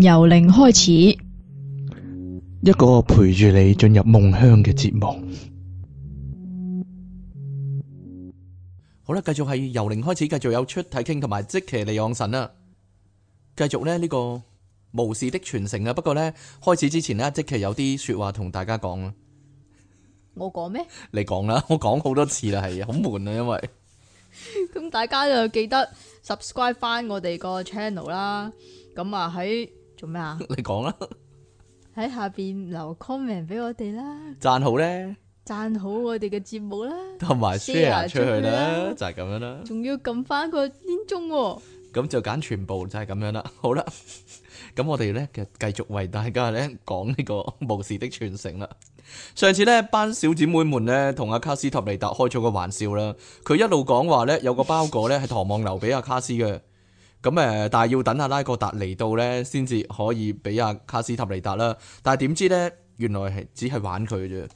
由零開始，一個陪住你進入夢鄉嘅節目。好啦，繼續係由零開始，繼續有出睇傾同埋即其利昂神啦。繼續呢，呢、這個巫士的傳承啊，不過呢，開始之前呢，即其有啲說話同大家講啊。我講咩？你講啦，我講好多次啦，係啊，好悶啊，因為咁、啊、 大家就記得 subscribe 返我哋個 channel 啦。咁啊喺。做咩啊？你講啦，喺下邊留 comment 俾我哋啦，讚好咧，讚好我哋嘅節目啦，同埋 share 出去啦，去啦就係咁樣啦。仲要撳翻個煙鐘、哦，咁就揀全部就係咁樣啦。好啦，咁 我哋咧就繼續為大家咧講呢講個巫士的傳承啦。上次咧班小姐妹們咧同阿卡斯托尼達開咗個玩笑啦，佢一路講話咧有個包裹咧係唐望留俾阿卡斯嘅。 咁誒，但係要等阿拉格達嚟到咧，先至可以俾阿卡斯塔尼達啦。但係點知咧，原來係只係玩佢嘅啫。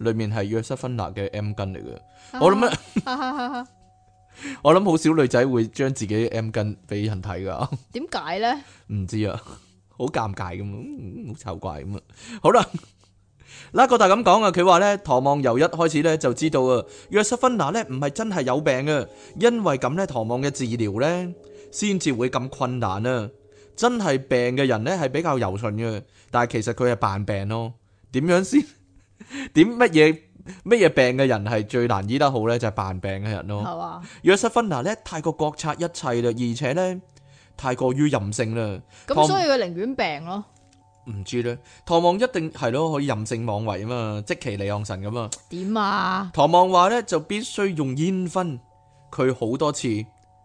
裡面係約瑟芬娜嘅 M 巾嚟嘅。我諗 我諗好少女仔會將自己 M 巾俾人睇噶。點解咧？唔 知啊，好尷尬咁啊，好醜怪咁啊。好啦，拉格達咁講啊，佢話咧，唐望由一開始咧就知道啊，約瑟芬娜咧唔係真係有病嘅，因為咁咧，唐望嘅治療咧。先至會咁困難啊！真係病嘅人咧係比較柔順嘅，但係其實佢係扮病咯。點樣先？點乜嘢乜嘢病嘅人係最難醫得好咧？就係扮病嘅人咯。係嘛？約瑟芬娜咧，太過覺察一切啦，而且咧太過於任性啦。咁所以佢寧願病咯？唔知咧，唐望一定係咯，可以任性妄為啊嘛，即其離岸神咁啊？點啊？唐望話咧就必須用煙熏佢好多次。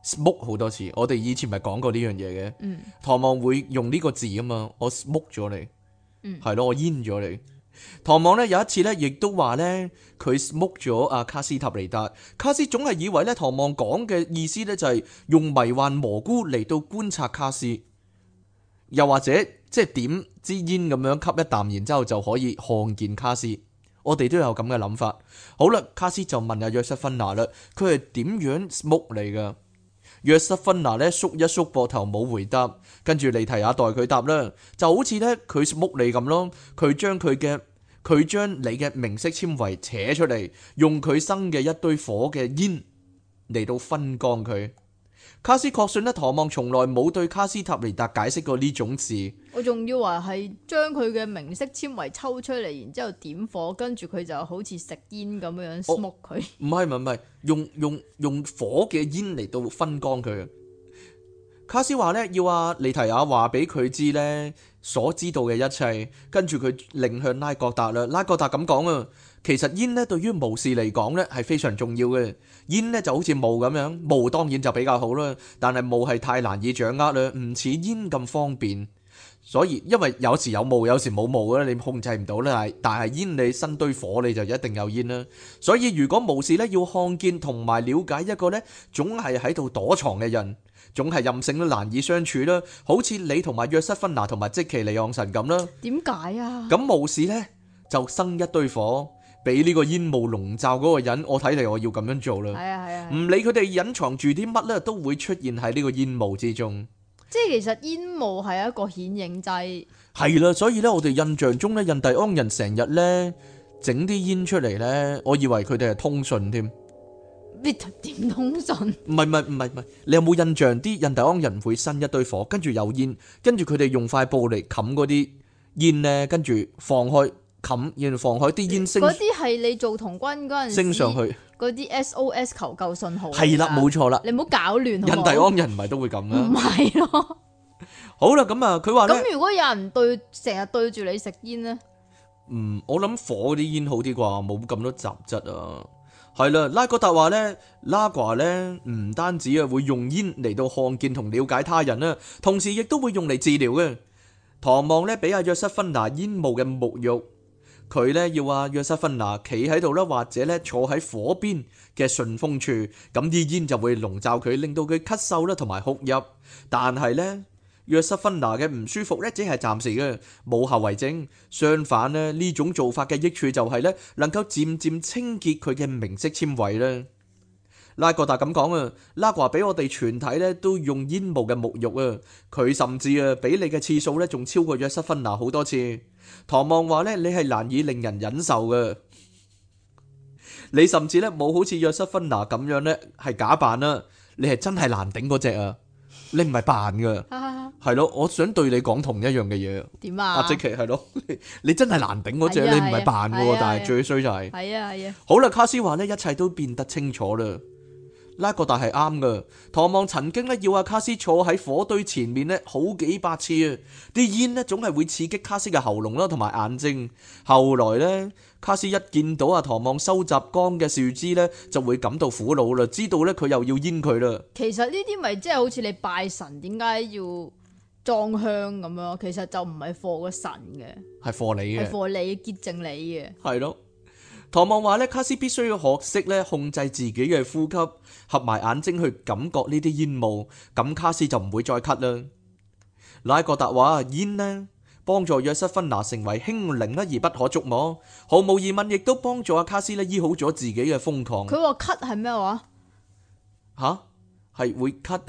smoke 好多次，我哋以前咪講過呢樣嘢嘅。嗯、唐望會用呢個字啊嘛，我 smoke 咗你，係咯、嗯，我煙咗你。唐望咧有一次呢，亦都話呢，佢 smoke 咗阿卡斯塔尼達。卡斯總係以為咧，唐望講嘅意思咧就係用迷幻蘑菇嚟到觀察卡斯，又或者即係點支煙咁樣吸一啖，然之後就可以看見卡斯。我哋都有咁嘅諗法。好啦，卡斯就問阿約瑟芬娜啦，佢係點樣 smoke 你噶？約瑟芬娜呢縮一縮膊頭，冇回答，跟住利提亞代佢答啦，就好似呢，佢剝你咁咯，佢將佢嘅佢將你嘅明色纖維扯出嚟，用佢生嘅一堆火嘅煙嚟到分光佢。卡斯確信呢，唐望從來冇對卡斯塔尼達解釋過呢種事。我仲要話係將佢嘅明色纖維抽出嚟，然之後點火，跟住佢就好似食煙咁樣剝佢。哦。唔係唔係唔係，用用用火嘅煙嚟到分光佢。卡斯話呢，要阿、啊、尼提亞話俾佢知呢所知道嘅一切，跟住佢另向拉格達啦。拉格達咁講啊，其實煙咧對於巫士嚟講呢係非常重要嘅。煙呢就好似霧咁樣，霧當然就比較好啦，但係霧係太難以掌握啦，唔似煙咁方便。所以，因為有時有霧，有時冇霧咧，你控制唔到咧。但係，但係煙你生堆火，你就一定有煙啦。所以，如果巫士咧，要看見同埋瞭解一個咧，總係喺度躲藏嘅人，總係任性到難以相處啦。好似你同埋約瑟芬娜同埋積奇利昂神咁啦。點解啊？咁巫士咧，就生一堆火，俾呢個煙霧籠罩嗰個人。我睇嚟，我要咁樣做啦。係啊係啊！唔理佢哋隱藏住啲乜咧，都會出現喺呢個煙霧之中。即係其實煙霧係一個顯影劑，係啦，所以咧，我哋印象中咧，印第安人成日咧整啲煙出嚟咧，我以為佢哋係通訊添。乜？點通訊？唔係唔係唔係唔係，你有冇印象啲印第安人會生一堆火，跟住有煙，跟住佢哋用塊布嚟冚嗰啲煙咧，跟住放開冚，然後放開啲煙升，嗰啲係你做童軍嗰陣升上去。嗰啲 SOS 求救信號，係啦，冇錯啦，你唔好搞亂。印第安人唔係都會咁咩？唔係咯。好啦，咁啊，佢話咧，咁如果有人對成日對住你食煙咧，嗯，我諗火嗰啲煙好啲啩，冇咁多雜質啊。係啦，拉格達話咧，拉瓜咧唔單止啊會用煙嚟到看見同了解他人啦，同時亦都會用嚟治療嘅。唐望咧俾阿約瑟芬拿煙霧嘅沐浴。佢咧要阿約瑟芬娜企喺度啦，或者咧坐喺火邊嘅順風處，咁啲煙就會籠罩佢，令到佢咳嗽啦，同埋哭泣。但係咧，約瑟芬娜嘅唔舒服咧，只係暫時嘅，冇後遺症。相反咧，呢種做法嘅益處就係咧，能夠漸漸清潔佢嘅明色纖維啦。拉哥達咁講啊，拉哥話俾我哋全體咧都用煙霧嘅沐浴啊，佢甚至啊俾你嘅次數咧仲超過約瑟芬娜好多次。唐望話咧你係難以令人忍受噶，你甚至咧冇好似約瑟芬娜咁樣咧係假扮啊，你係真係難頂嗰隻啊，你唔係扮噶，係咯， 我想對你講同一樣嘅嘢。點啊？阿即奇係咯， 你真係難頂嗰隻，哎、呀你唔係扮噶，哎、呀但係最衰就係、是。係啊係啊。哎、好啦，卡斯話咧一切都變得清楚啦。拉個大係啱嘅。唐望曾經咧要阿卡斯坐喺火堆前面咧好幾百次啊，啲煙咧總係會刺激卡斯嘅喉嚨啦同埋眼睛。後來咧，卡斯一見到阿唐望收集乾嘅樹枝咧，就會感到苦惱啦。知道咧佢又要煙佢啦。其實呢啲咪即係好似你拜神，點解要裝香咁樣？其實就唔係火個神嘅，係火你嘅，係火你潔淨你嘅。係咯。唐望話咧，卡斯必須要學識咧控制自己嘅呼吸，合埋眼睛去感覺呢啲煙霧，咁卡斯就唔會再咳啦。拉哥達話煙咧，幫助約瑟芬娜成為輕靈而不可觸摸，毫無疑問亦都幫助阿卡斯咧醫好咗自己嘅瘋狂。佢話咳係咩話？吓、啊，係會咳，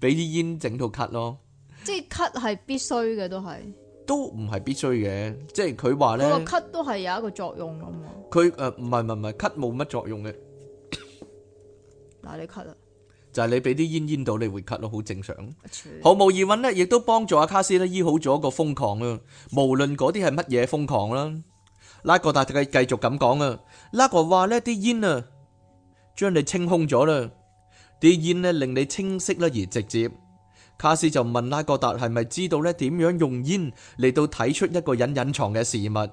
俾啲煙整到咳咯。即係咳係必須嘅都係。都唔係必須嘅，即係佢話咧，嗰個咳都係有一個作用噶嘛。佢誒唔係唔係唔係咳冇乜作用嘅。嗱，你咳啦，就係你俾啲煙煙到，你會咳咯，好正常。毫無疑問咧，亦都幫助阿卡斯咧醫好咗一個瘋狂啦。無論嗰啲係乜嘢瘋狂啦，拉哥大繼繼續咁講啊，拉哥話咧啲煙啊，將你清空咗啦，啲煙咧令你清晰啦而直接。卡斯就問拉格達係咪知道咧，點樣用煙嚟到睇出一個人隱藏嘅事物？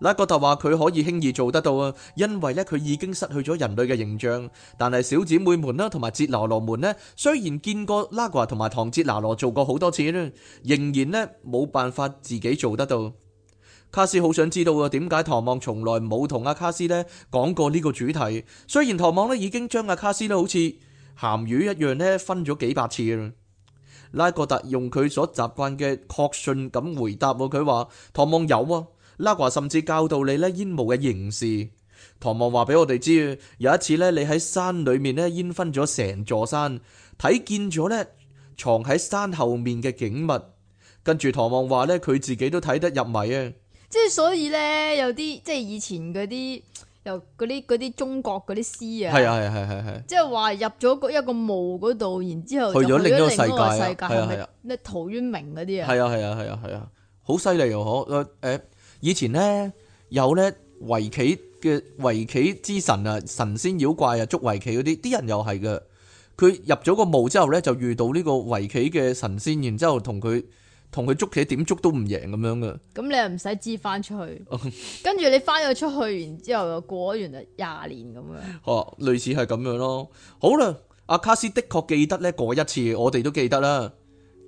拉格達話佢可以輕易做得到啊，因為咧佢已經失去咗人類嘅形象。但係小姐妹們啦，同埋哲拿羅們呢，雖然見過拉格同埋唐哲拿羅做過好多次啦，仍然咧冇辦法自己做得到。卡斯好想知道啊，點解唐望從來冇同阿卡斯咧講過呢個主題？雖然唐望咧已經將阿卡斯咧好似鹹魚一樣咧分咗幾百次啦。拉哥特用佢所習慣嘅確信噉回答喎，佢話唐望有啊，拉華甚至教導你咧煙霧嘅形勢。唐望話俾我哋知，有一次咧你喺山裏面咧煙熏咗成座山，睇見咗咧藏喺山後面嘅景物。跟住唐望話咧佢自己都睇得入迷啊！即係所以咧有啲即係以前嗰啲。又嗰啲啲中國嗰啲詩啊，係啊係係係係，即係話入咗一個墓嗰度，然之後去咗另一個世界，係啊係啊，咩陶淵明嗰啲啊，係啊係啊係啊係啊，好犀利哦！可誒、呃、以前呢，有咧圍棋嘅圍棋之神啊，神仙妖怪啊，捉圍棋嗰啲，啲人又係嘅，佢入咗個墓之後咧，就遇到呢個圍棋嘅神仙，然之後同佢。同佢捉棋點捉都唔贏咁樣㗎，咁你又唔使支翻出去，跟住 你翻咗出去，然之後又過咗完就廿年咁 樣，哦，類似係咁樣咯。好啦，阿卡斯的確記得呢，嗰一次我哋都記得啦，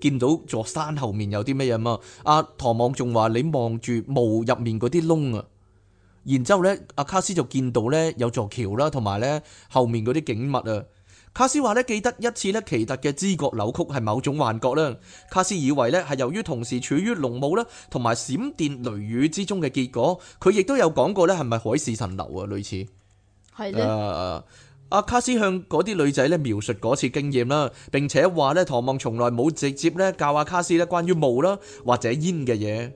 見到座山後面有啲咩嘢嘛，阿、啊、唐望仲話你望住霧入面嗰啲窿啊，然之後呢阿卡斯就見到呢，有座橋啦，同埋呢後面嗰啲景物啊。卡斯話咧記得一次咧奇特嘅知覺扭曲係某種幻覺啦。卡斯以為咧係由於同時處於濃霧啦同埋閃電雷雨之中嘅結果。佢亦都有講過咧係咪海市蜃樓啊，類似。係阿的、uh, 卡斯向嗰啲女仔咧描述嗰次經驗啦，並且話咧唐望從來冇直接咧教阿卡斯咧關於霧啦或者煙嘅嘢。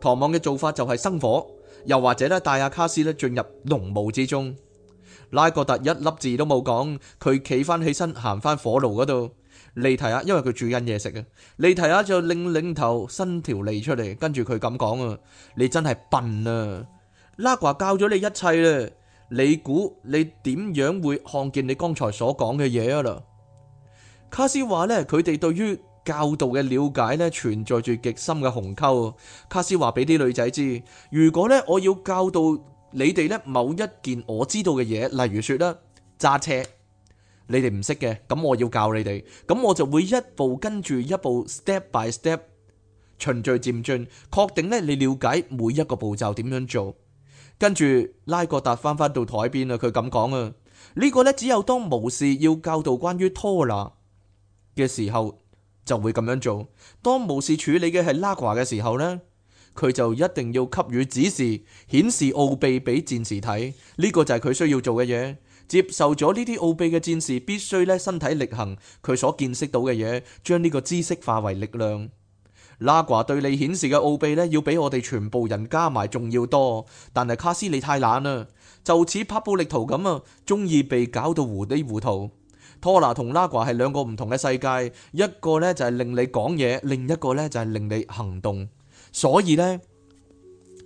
唐望嘅做法就係生火，又或者咧帶阿卡斯咧進入濃霧之中。拉哥特一粒字都冇講，佢企翻起身行翻火爐嗰度。利提亞因為佢煮緊嘢食嘅，利提亞就擰擰頭伸條脷出嚟，跟住佢咁講啊：你真係笨啊！拉哥教咗你一切啦，你估你點樣會看見你剛才所講嘅嘢啊啦？卡斯話呢，佢哋對於教導嘅了解呢，存在住極深嘅鴻溝。卡斯話俾啲女仔知，如果呢，我要教導。你哋咧某一件我知道嘅嘢，例如說咧揸車，你哋唔識嘅，咁我要教你哋，咁我就會一步跟住一步，step by step，循序漸進，確定咧你了解每一個步驟點樣做，跟住拉格達翻返到台邊啦，佢咁講啊，呢、這個咧只有當巫士要教導關於拖拉嘅時候就會咁樣做，當巫士處理嘅係拉瓜嘅時候呢。」佢就一定要給予指示，顯示奧秘俾戰士睇，呢個就係佢需要做嘅嘢。接受咗呢啲奧秘嘅戰士，必須咧身體力行佢所見識到嘅嘢，將呢個知識化為力量。拉華對你顯示嘅奧秘呢，要比我哋全部人加埋仲要多。但係卡斯你太懶啦，就似拍布力圖咁啊，中意被搞到糊裏糊塗。拖拿同拉華係兩個唔同嘅世界，一個呢就係令你講嘢，另一個呢就係令你行動。所以呢，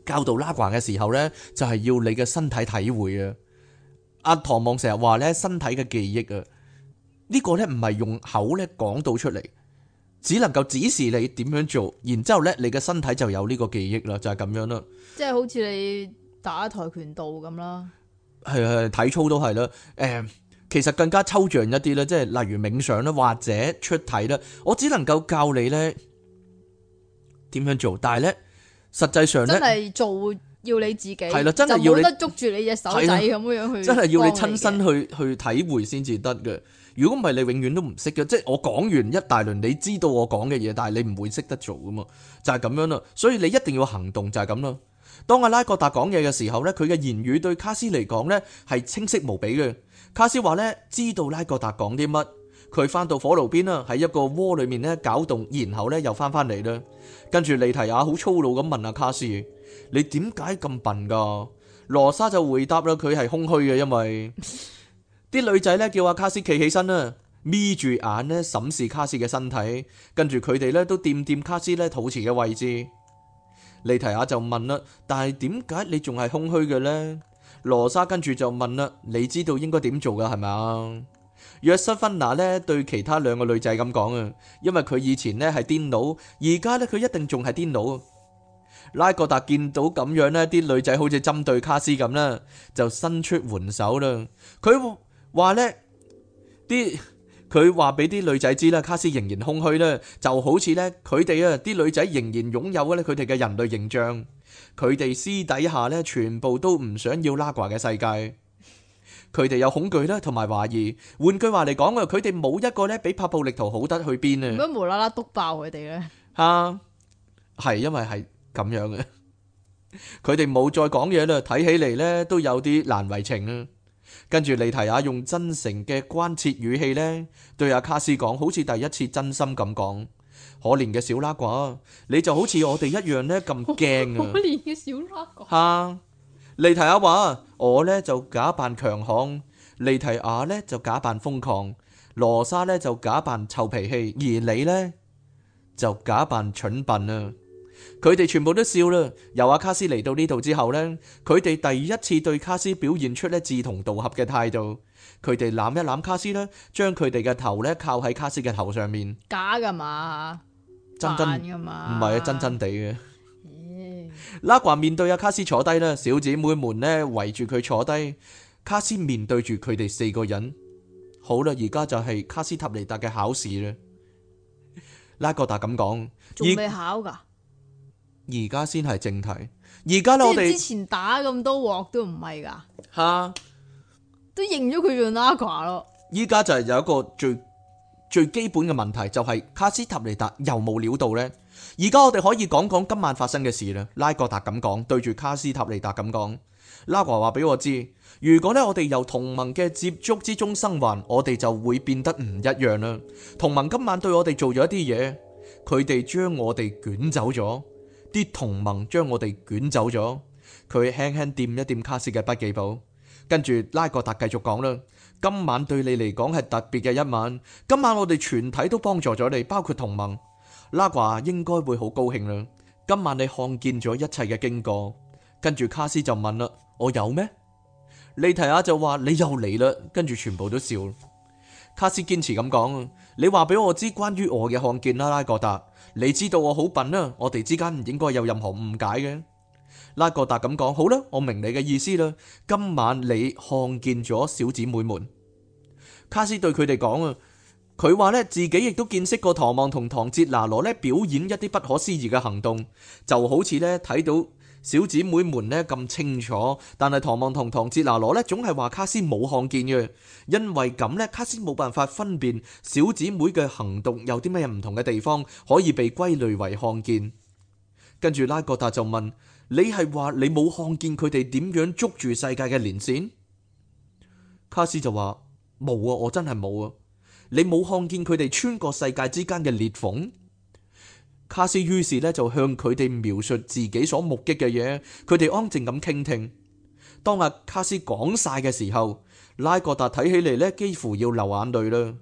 教導拉環嘅時候呢，就係、是、要你嘅身體體會啊！阿唐望成日話呢，身體嘅記憶啊，呢、這個呢唔係用口咧講到出嚟，只能夠指示你點樣做，然之後呢，你嘅身體就有呢個記憶啦，就係、是、咁樣啦。即係好似你打跆拳道咁啦，係係體操都係啦。誒，其實更加抽象一啲咧，即係例如冥想啦，或者出體啦，我只能夠教你呢。點樣做？但係咧，實際上咧，真係做要你自己係啦，真係要你捉住你隻手仔咁樣去，真係要你親身去去體會先至得嘅。如果唔係，你永遠都唔識嘅。即係我講完一大輪，你知道我講嘅嘢，但係你唔會識得做噶嘛，就係咁樣啦。所以你一定要行動，就係咁啦。當阿拉各達講嘢嘅時候咧，佢嘅言語對卡斯嚟講咧係清晰無比嘅。卡斯話咧，知道拉各達講啲乜。佢返到火爐邊啦，喺一個鍋裏面咧攪動，然後咧又翻返嚟啦。跟住莉提亞好粗魯咁問阿、啊、卡斯，你點解咁笨噶？羅莎就回答啦，佢係空虛嘅，因為啲 女仔咧叫阿卡斯企起身啦，眯住眼咧審視卡斯嘅身體，跟住佢哋咧都掂掂卡斯咧肚臍嘅位置。莉提亞就問啦，但係點解你仲係空虛嘅呢？」「羅莎跟住就問啦，你知道應該點做噶係咪？約瑟芬娜咧對其他兩個女仔咁講啊，因為佢以前咧係癲佬，而家咧佢一定仲係癲佬。拉各達見到咁樣，呢啲女仔好似針對卡斯咁啦，就伸出援手啦。佢話呢啲，佢話俾啲女仔知啦，卡斯仍然空虛啦，就好似呢，佢哋啊啲女仔仍然擁有咧佢哋嘅人類形象，佢哋私底下呢，全部都唔想要拉瓜嘅世界。佢哋有恐懼啦，同埋懷疑。換句話嚟講，佢哋冇一個咧比帕布力圖好得去邊啊！乜解無啦啦督爆佢哋咧？啊，係因為係咁樣嘅，佢哋冇再講嘢啦。睇起嚟咧都有啲難為情啦。跟住利提亞用真誠嘅關切語氣咧，對阿卡斯講，好似第一次真心咁講：可憐嘅小拉瓜，你就好似我哋一樣咧咁驚啊！可憐嘅小拉瓜。吓，利提亞話。我呢就假扮強悍，利提亞呢就假扮瘋狂，羅莎呢就假扮臭脾氣，而你呢，就假扮蠢笨啊！佢哋全部都笑啦。由阿卡斯嚟到呢度之後呢，佢哋第一次對卡斯表現出呢志同道合嘅態度。佢哋攬一攬卡斯呢將佢哋嘅頭呢靠喺卡斯嘅頭上面。假噶嘛？真真噶嘛？唔係啊，真真地嘅。拉瓜面對阿卡斯坐低啦，小姐妹們呢圍住佢坐低。卡斯面對住佢哋四個人，好啦，而家就係卡斯塔尼達嘅考試啦。拉格達咁講，仲未考噶？而家先係正題，而家呢，我哋之前打咁多鑊都唔係噶，吓、啊，都認咗佢做拉瓜咯。依家就係有一個最最基本嘅問題，就係、是、卡斯塔尼達有冇料到呢？而家我哋可以講講今晚發生嘅事啦。拉格達咁講，對住卡斯塔尼達咁講。拉格話俾我知，如果呢，我哋由同盟嘅接觸之中生還，我哋就會變得唔一樣啦。同盟今晚對我哋做咗一啲嘢，佢哋將我哋捲走咗，啲同盟將我哋捲走咗。佢輕輕掂一掂卡斯嘅筆記簿，跟住拉格達繼續講啦。今晚對你嚟講係特別嘅一晚，今晚我哋全體都幫助咗你，包括同盟。拉華應該會好高興啦！今晚你看見咗一切嘅經過，跟住卡斯就問啦：我有咩？你提下就話：你又嚟啦！跟住全部都笑。卡斯堅持咁講：你話俾我知關於我嘅看見啦！拉哥達，你知道我好笨啦，我哋之間唔應該有任何誤解嘅。拉哥達咁講：好啦，我明你嘅意思啦。今晚你看見咗小姐妹們，卡斯對佢哋講啊。佢話咧自己亦都見識過唐望同唐哲拿羅咧表演一啲不可思議嘅行動，就好似咧睇到小姐妹們咧咁清楚，但係唐望同唐哲拿羅咧總係話卡斯冇看見嘅，因為咁咧卡斯冇辦法分辨小姐妹嘅行動有啲咩唔同嘅地方可以被歸類為看見。跟住拉哥達就問：你係話你冇看見佢哋點樣捉住世界嘅連線？卡斯就話：冇啊，我真係冇啊。你冇看見佢哋穿過世界之間嘅裂縫？卡斯於是呢就向佢哋描述自己所目擊嘅嘢，佢哋安靜咁傾聽。當阿卡斯講晒嘅時候，拉各達睇起嚟呢幾乎要流眼淚啦。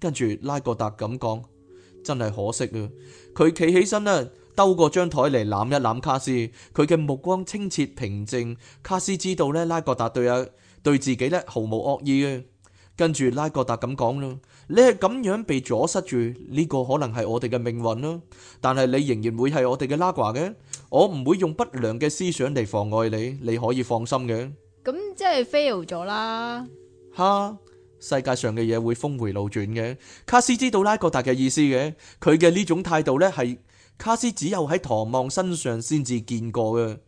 跟住拉各達咁講，真係可惜啊！佢企起身啦，兜過張台嚟攬一攬卡斯。佢嘅目光清澈平靜。卡斯知道呢，拉各達對阿對自己呢，毫無惡意啊。跟住拉格達咁講啦，你係咁樣被阻塞住，呢個可能係我哋嘅命運啦。但係你仍然會係我哋嘅拉瓜嘅，我唔會用不良嘅思想嚟妨礙你，你可以放心嘅。咁即係 fail 咗啦。哈，世界上嘅嘢會峰回路轉嘅。卡斯知道拉格達嘅意思嘅，佢嘅呢種態度咧係卡斯只有喺唐望身上先至見過嘅。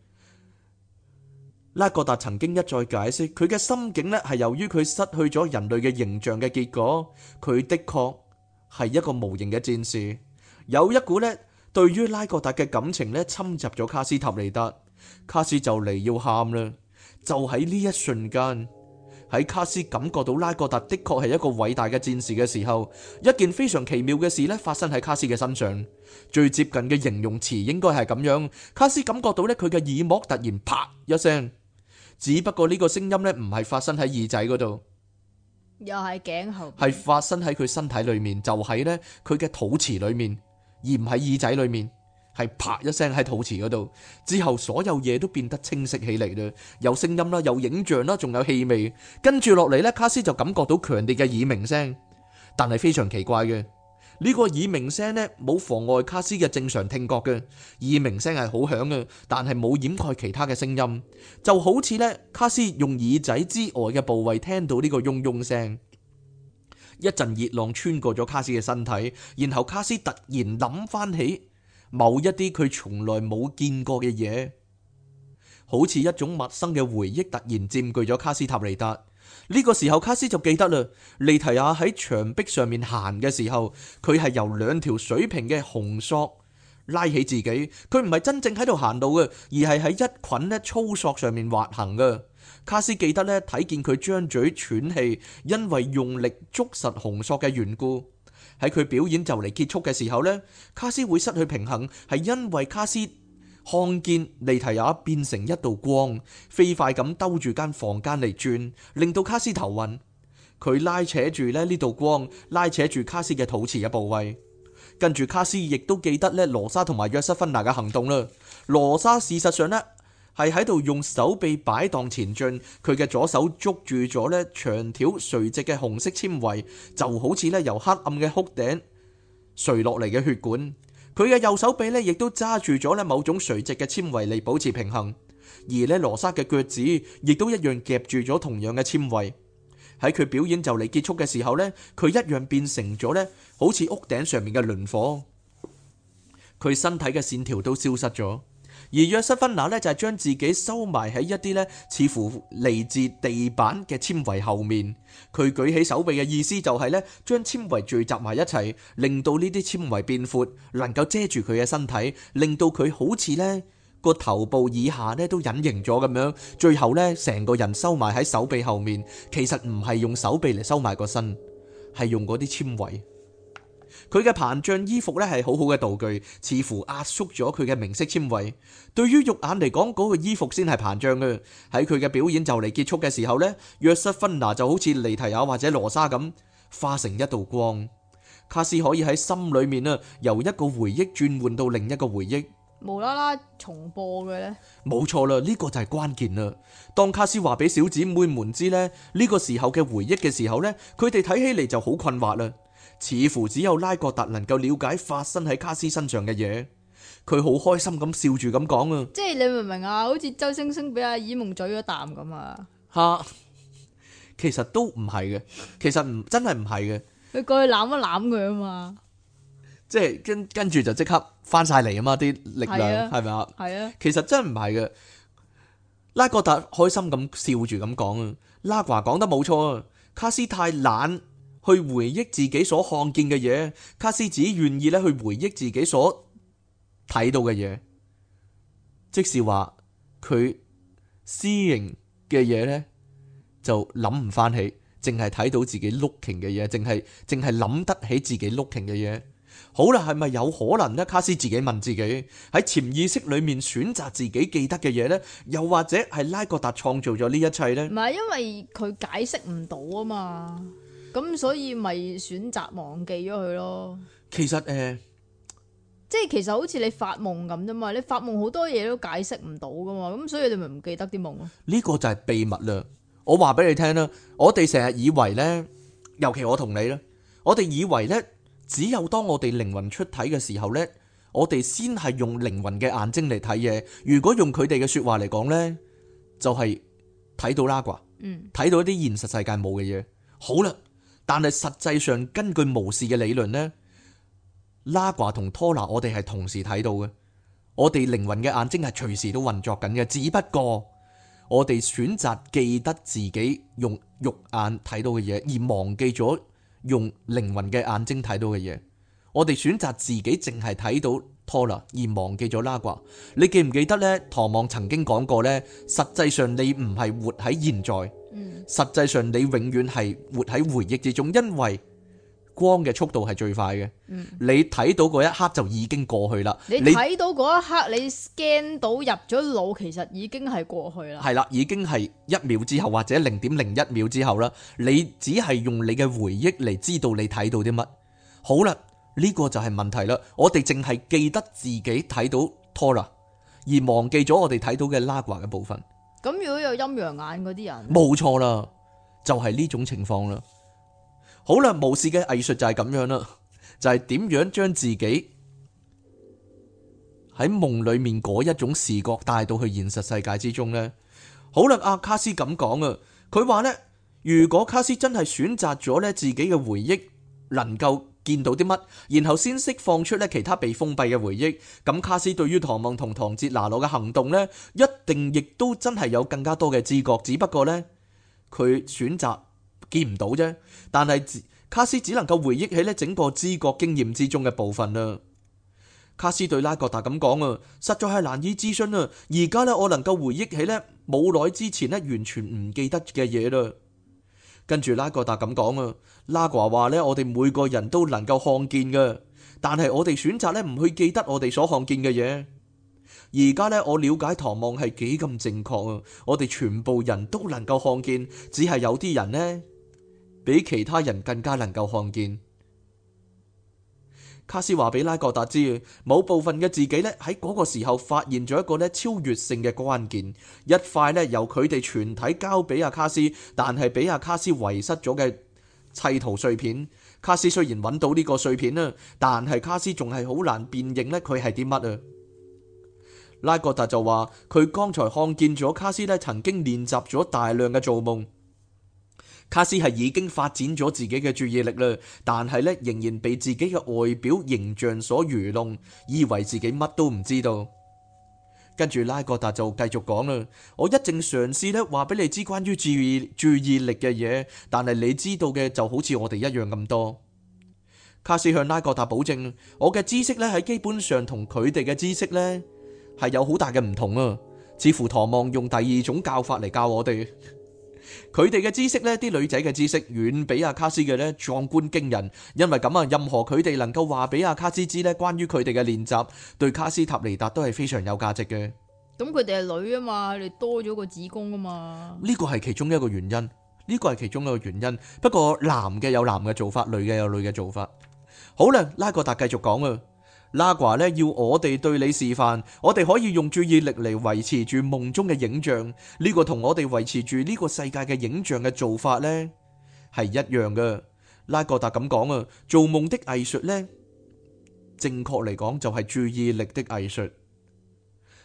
拉格達曾經一再解釋，佢嘅心境咧係由於佢失去咗人類嘅形象嘅結果。佢的確係一個無形嘅戰士，有一股咧對於拉格達嘅感情咧侵入咗卡斯塔尼達。卡斯就嚟要喊啦，就喺呢一瞬間，喺卡斯感覺到拉格達的確係一個偉大嘅戰士嘅時候，一件非常奇妙嘅事咧發生喺卡斯嘅身上。最接近嘅形容詞應該係咁樣：卡斯感覺到咧佢嘅耳膜突然啪一聲。只不過呢個聲音呢唔係發生喺耳仔嗰度，又係頸後，係發生喺佢身體裏面，就喺呢佢嘅肚臍裏面，而唔係耳仔裏面，係啪一聲喺肚臍嗰度之後，所有嘢都變得清晰起嚟啦，有聲音啦，有影像啦，仲有氣味，跟住落嚟呢，卡斯就感覺到強烈嘅耳鳴聲，但係非常奇怪嘅。呢個耳鳴聲呢，冇妨礙卡斯嘅正常聽覺嘅，耳鳴聲係好響嘅，但係冇掩蓋其他嘅聲音，就好似呢，卡斯用耳仔之外嘅部位聽到呢個嗡嗡聲。一陣熱浪穿過咗卡斯嘅身體，然後卡斯突然諗翻起某一啲佢從來冇見過嘅嘢，好似一種陌生嘅回憶突然佔據咗卡斯塔尼達。呢個時候卡斯就記得啦，利提亞喺牆壁上面行嘅時候，佢係由兩條水平嘅紅索拉起自己，佢唔係真正喺度行到嘅，而係喺一群咧粗索上面滑行噶。卡斯記得咧睇見佢張嘴喘氣，因為用力捉實紅索嘅緣故。喺佢表演就嚟結束嘅時候，呢卡斯會失去平衡，係因為卡斯。看見利提亞變成一道光，飛快咁兜住間房間嚟，轉令到卡斯頭暈。佢拉扯住咧呢道光，拉扯住卡斯嘅肚臍嘅部位。跟住卡斯亦都記得咧羅莎同埋約瑟芬娜嘅行動啦。羅莎事實上咧係喺度用手臂擺盪前進，佢嘅左手捉住咗咧長條垂直嘅紅色纖維，就好似咧由黑暗嘅窟頂垂落嚟嘅血管。佢嘅右手臂咧，亦都揸住咗咧某種垂直嘅纖維嚟保持平衡，而咧羅莎嘅腳趾亦都一樣夾住咗同樣嘅纖維。喺佢表演就嚟結束嘅時候咧，佢一樣變成咗咧好似屋頂上面嘅輪廓，佢身體嘅線條都消失咗。而約瑟芬娜咧就係將自己收埋喺一啲咧似乎嚟自地板嘅纖維後面，佢舉起手臂嘅意思就係咧將纖維聚集埋一齊，令到呢啲纖維變闊，能夠遮住佢嘅身體，令到佢好似咧個頭部以下咧都隱形咗咁樣，最後咧成個人收埋喺手臂後面，其實唔係用手臂嚟收埋個身，係用嗰啲纖維。佢嘅膨脹衣服呢係好好嘅道具，似乎壓縮咗佢嘅明色纖維。對於肉眼嚟講，嗰個衣服先係膨脹嘅。喺佢嘅表演就嚟結束嘅時候呢，約瑟芬娜就好似尼提亞或者羅莎咁，化成一道光。卡斯可以喺心裏面啊，由一個回憶轉換到另一個回憶，無啦啦重播嘅呢？冇錯啦，呢個就係關鍵啦。當卡斯話俾小姊妹們知呢，呢個時候嘅回憶嘅時候呢，佢哋睇起嚟就好困惑啦。似乎只有拉各達能夠了解發生喺卡斯身上嘅嘢，佢好開心咁笑住咁講啊！即係你明唔明啊？好似周星星俾阿爾蒙嘴咗啖咁啊！吓， 其實都唔係嘅，其實唔真係唔係嘅。佢過去攬一攬佢啊嘛，即係跟跟住就即刻翻晒嚟啊嘛，啲力量係咪啊？係吧啊，其實真係唔係嘅。拉各達開心咁笑住咁講啊，拉華講得冇錯啊，卡斯太懶。去回憶自己所看見嘅嘢，卡斯只願意咧去回憶自己所睇到嘅嘢，即是話佢 seeing 嘅嘢咧就諗唔翻起，淨係睇到自己 looking 嘅嘢，淨係淨係諗得起自己 looking 嘅嘢。好啦，係咪有可能咧？卡斯自己問自己喺潛意識裏面選擇自己記得嘅嘢咧，又或者係拉格達創造咗呢一切咧？唔係，因為佢解釋唔到啊嘛。咁所以咪選擇忘記咗佢咯。其、呃？其實誒，即係其實好似你發夢咁啫嘛，你發夢好多嘢都解釋唔到噶嘛，咁所以你咪唔記得啲夢咯。呢個就係秘密啦。我話俾你聽啦，我哋成日以為呢，尤其我同你咧，我哋以為呢，只有當我哋靈魂出體嘅時候呢，我哋先係用靈魂嘅眼睛嚟睇嘢。如果用佢哋嘅說話嚟講呢，就係、是、睇到啦啩。嗯，睇到一啲現實世界冇嘅嘢。好啦。但係實際上，根據巫士嘅理論咧，拉掛同拖拉我哋係同時睇到嘅。我哋靈魂嘅眼睛係隨時都運作緊嘅，只不過我哋選擇記得自己用肉眼睇到嘅嘢，而忘記咗用靈魂嘅眼睛睇到嘅嘢。我哋選擇自己淨係睇到拖拉，而忘記咗拉掛。你記唔記得呢？唐望曾經講過呢？實際上你唔係活喺現在。實際上你永遠係活喺回憶之中，因為光嘅速度係最快嘅。嗯、你睇到嗰一刻就已經過去啦。你睇到嗰一刻，你 scan 到入咗腦，其實已經係過去啦。係啦，已經係一秒之後或者零點零一秒之後啦。你只係用你嘅回憶嚟知道你睇到啲乜。好啦，呢個就係問題啦。我哋淨係記得自己睇到 Tora，而忘記咗我哋睇到嘅 Lagua 嘅部分。咁如果有陰陽眼嗰啲人，冇錯啦，就係呢種情況啦。好啦，巫士嘅藝術就係咁樣啦，就係點樣將自己喺夢裏面嗰一種視覺帶到去現實世界之中咧？好啦，阿卡斯咁講啊，佢話咧，如果卡斯真係選擇咗咧，自己嘅回憶能夠。見到啲乜，然後先釋放出咧其他被封閉嘅回憶。咁卡斯對於唐望同唐哲拿羅嘅行動呢，一定亦都真係有更加多嘅知覺，只不過呢，佢選擇見唔到啫。但係卡斯只能夠回憶起呢整個知覺經驗之中嘅部分啦。卡斯對拉格達咁講啊，實在係難以諮詢啊。而家呢，我能夠回憶起呢冇耐之前呢完全唔記得嘅嘢啦。跟住拉哥達咁講啊，拉哥話呢，我哋每個人都能夠看見嘅，但係我哋選擇呢，唔去記得我哋所看見嘅嘢。而家呢，我了解唐望係幾咁正確啊！我哋全部人都能夠看見，只係有啲人呢，比其他人更加能夠看見。卡斯話俾拉各達知，某部分嘅自己咧喺嗰個時候發現咗一個咧超越性嘅關鍵，一塊咧由佢哋全體交俾阿卡斯，但係俾阿卡斯遺失咗嘅砌圖碎片。卡斯雖然揾到呢個碎片啦，但係卡斯仲係好難辨認呢佢係啲乜啊？拉各達就話佢剛才看見咗卡斯咧曾經練習咗大量嘅做夢。卡斯係已經發展咗自己嘅注意力啦，但係咧仍然被自己嘅外表形象所愚弄，以為自己乜都唔知道。跟住拉各達就繼續講啦，我一直嘗試咧話俾你知關於注意注意力嘅嘢，但係你知道嘅就好似我哋一樣咁多。卡斯向拉各達保證，我嘅知識咧喺基本上同佢哋嘅知識咧係有好大嘅唔同啊，似乎唐望用第二種教法嚟教我哋。佢哋嘅知識呢，啲女仔嘅知識遠比阿卡斯嘅呢壯觀驚人。因為咁啊，任何佢哋能夠話俾阿卡斯知呢，關於佢哋嘅練習，對卡斯塔尼達都係非常有價值嘅。咁佢哋係女啊嘛，你多咗個子宮啊嘛。呢個係其中一個原因，呢個係其中一個原因。不過男嘅，有男嘅做法，女嘅，有女嘅做法。好啦，拉哥達繼續講啊。拉瓜咧要我哋對你示範，我哋可以用注意力嚟維持住夢中嘅影像，呢個同我哋維持住呢個世界嘅影像嘅做法呢，係一樣嘅。拉哥達咁講啊，做夢的藝術呢，正確嚟講就係注意力的藝術。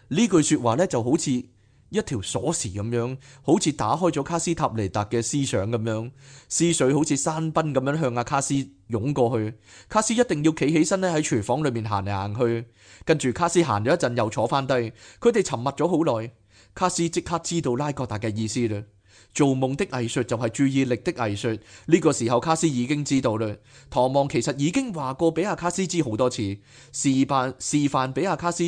呢句說話咧就好似。一條鎖匙咁樣，好似打開咗卡斯塔尼達嘅思想咁樣，思緒好似山崩咁樣向阿卡斯湧過去。卡斯一定要企起身呢，喺廚房裏面行嚟行去。跟住卡斯行咗一陣，又坐翻低。佢哋沉默咗好耐。卡斯即刻知道拉各達嘅意思啦。做夢的藝術就係注意力的藝術。呢個時候卡斯已經知道啦。唐望其實已經話過俾阿卡斯知好多次，示範示範俾阿卡斯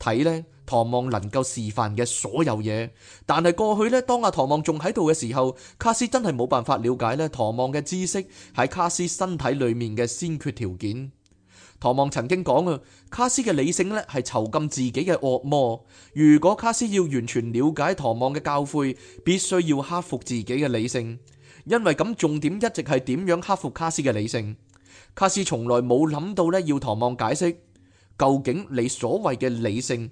睇呢。唐望能夠示範嘅所有嘢，但係過去咧，當阿唐望仲喺度嘅時候，卡斯真係冇辦法了解咧。唐望嘅知識喺卡斯身體裏面嘅先決條件。唐望曾經講啊，卡斯嘅理性咧係囚禁自己嘅惡魔。如果卡斯要完全了解唐望嘅教誨，必須要克服自己嘅理性，因為咁重點一直係點樣克服卡斯嘅理性。卡斯從來冇諗到咧，要唐望解釋究竟你所謂嘅理性。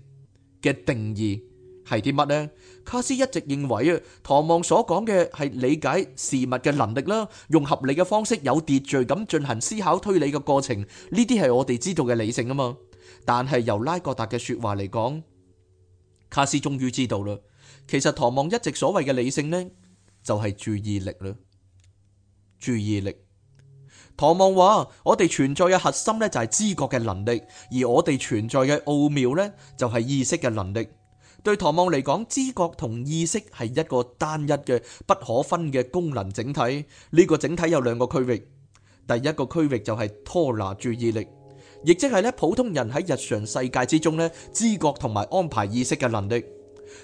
嘅定義係啲乜呢？卡斯一直認為啊，唐望所講嘅係理解事物嘅能力啦，用合理嘅方式有秩序咁進行思考推理嘅過程，呢啲係我哋知道嘅理性啊嘛。但係由拉各達嘅說話嚟講，卡斯終於知道啦，其實唐望一直所謂嘅理性呢，就係注意力啦，注意力。唐望話：我哋存在嘅核心呢，就係知覺嘅能力，而我哋存在嘅奧妙呢，就係意識嘅能力。對唐望嚟講，知覺同意識係一個單一嘅不可分嘅功能整體。呢個整體有兩個區域，第一個區域就係拖拿注意力，亦即係呢，普通人喺日常世界之中呢，知覺同埋安排意識嘅能力。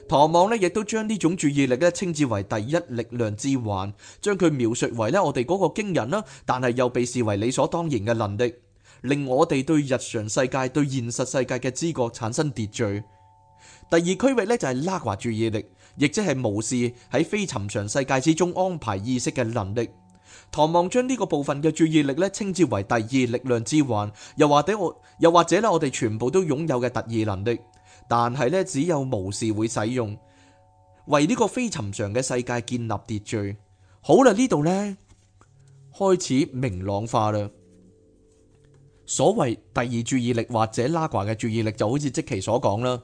唐望咧亦都將呢種注意力咧稱之為第一力量之環，將佢描述為咧我哋嗰個驚人啦，但係又被視為理所當然嘅能力，令我哋對日常世界、對現實世界嘅知覺產生秩序。第二區域咧就係拉華注意力，亦即係無視喺非尋常世界之中安排意識嘅能力。唐望將呢個部分嘅注意力咧稱之為第二力量之環，又或者我，又或者咧我哋全部都擁有嘅特異能力。但係咧，只有巫士會使用為呢個非尋常嘅世界建立秩序。好啦，呢度咧開始明朗化啦。所謂第二注意力或者拉掛嘅注意力，就好似即其所講啦，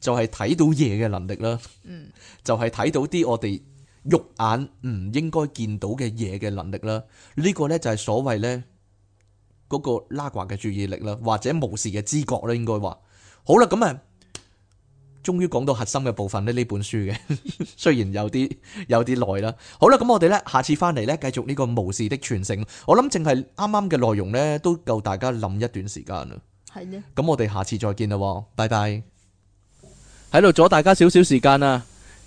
就係睇到嘢嘅能力啦，嗯、就係睇到啲我哋肉眼唔應該見到嘅嘢嘅能力啦。呢個咧就係所謂咧嗰個拉掛嘅注意力啦，或者巫士嘅知覺啦，應該話。好啦，咁啊。終於講到核心嘅部分咧，呢本書嘅雖然有啲有啲耐啦。好啦，咁我哋呢下次翻嚟呢，繼續呢個巫士的傳承。我諗淨係啱啱嘅內容呢，都夠大家諗一段時間啦。係咧的。咁我哋下次再見啦，拜拜。喺度阻大家少少時間啊，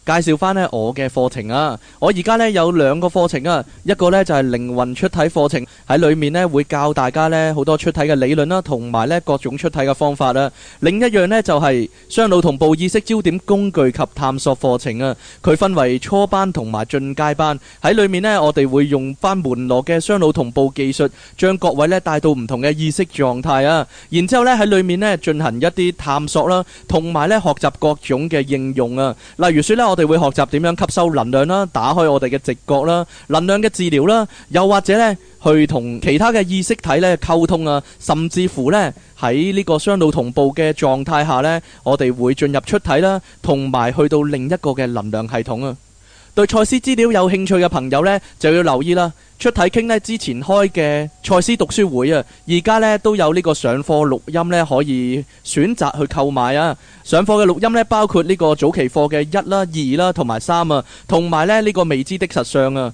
介紹翻呢我嘅課程啊。我而家呢，有兩個課程啊，一個呢就係靈魂出體課程。喺裏面咧，會教大家咧好多出體嘅理論啦，同埋咧各種出體嘅方法啦。另一樣咧就係雙腦同步意識焦點工具及探索課程啊。佢分為初班同埋進階班。喺裏面咧，我哋會用翻門羅嘅雙腦同步技術，將各位咧帶到唔同嘅意識狀態啊。然之後咧喺裏面咧進行一啲探索啦，同埋咧學習各種嘅應用啊。例如說咧，我哋會學習點樣吸收能量啦，打開我哋嘅直覺啦，能量嘅治療啦，又或者咧。去同其他嘅意識體咧溝通啊，甚至乎呢，喺呢個雙腦同步嘅狀態下呢，我哋會進入出體啦，同埋去到另一個嘅能量系統啊。對賽斯資料有興趣嘅朋友呢，就要留意啦。出體傾呢之前開嘅賽斯讀書會啊，而家呢都有呢個上課錄音呢，可以選擇去購買啊。上課嘅錄音呢，包括呢個早期課嘅一啦、二啦同埋三啊，同埋咧呢呢個未知的實相啊。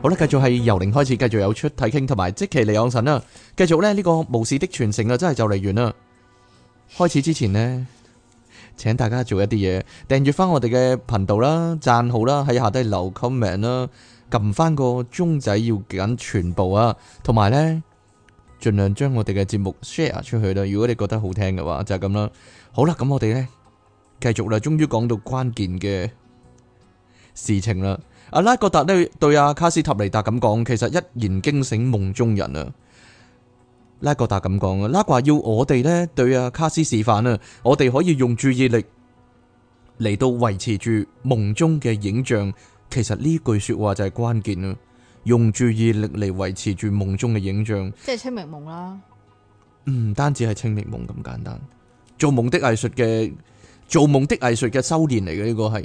好啦，繼續係由零開始，繼續有出睇傾，同埋即其離岸神啦。繼續咧、這、呢個巫士的傳承啊，真係就嚟完啦。開始之前呢，請大家做一啲嘢，訂閱翻我哋嘅頻道啦，贊好啦，喺下低留 comment 啦，撳翻個鐘仔要揀全部啊，同埋呢，盡量將我哋嘅節目 share 出去啦。如果你覺得好聽嘅話就係咁啦。好啦，咁我哋呢，繼續啦，終於講到關鍵嘅事情啦。阿拉格達咧對阿卡斯塔尼達咁講，其實一言驚醒夢中人啊！拉格達咁講啊，拉話要我哋咧對啊卡斯示範啊，我哋可以用注意力嚟到維持住夢中嘅影像。其實呢句說話就係關鍵啦，用注意力嚟維持住夢中嘅影像。即係清明夢啦，嗯，唔單止係清明夢咁簡單，做夢的藝術嘅做夢的藝術嘅修煉嚟嘅呢個係。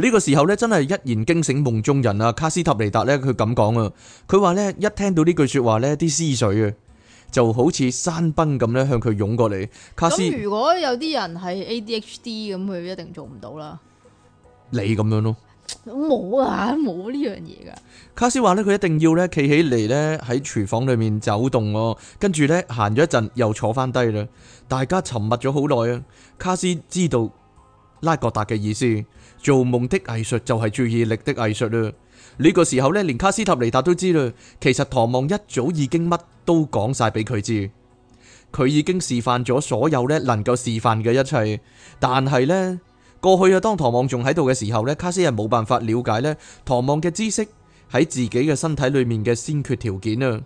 呢個時候咧，真係一言驚醒夢中人啊！卡斯塔尼達咧，佢咁講啊，佢話咧一聽到呢句說話咧，啲思緒啊就好似山崩咁咧向佢湧過嚟。卡斯，如果有啲人係 A D H D 咁，佢一定做唔到啦。你咁樣咯，冇啊，冇呢樣嘢噶。卡斯話咧，佢一定要咧企起嚟咧喺廚房裏面走動咯，跟住咧行咗一陣又坐翻低啦。大家沉默咗好耐啊，卡斯知道拉格達嘅意思。做夢的藝術就係注意力的藝術啦。呢個時候咧，連卡斯塔尼達都知啦。其實唐望一早已經乜都講晒俾佢知，佢已經示範咗所有咧能夠示範嘅一切。但係呢，過去啊，當唐望仲喺度嘅時候咧，卡斯係冇辦法了解咧唐望嘅知識喺自己嘅身體裏面嘅先決條件啊。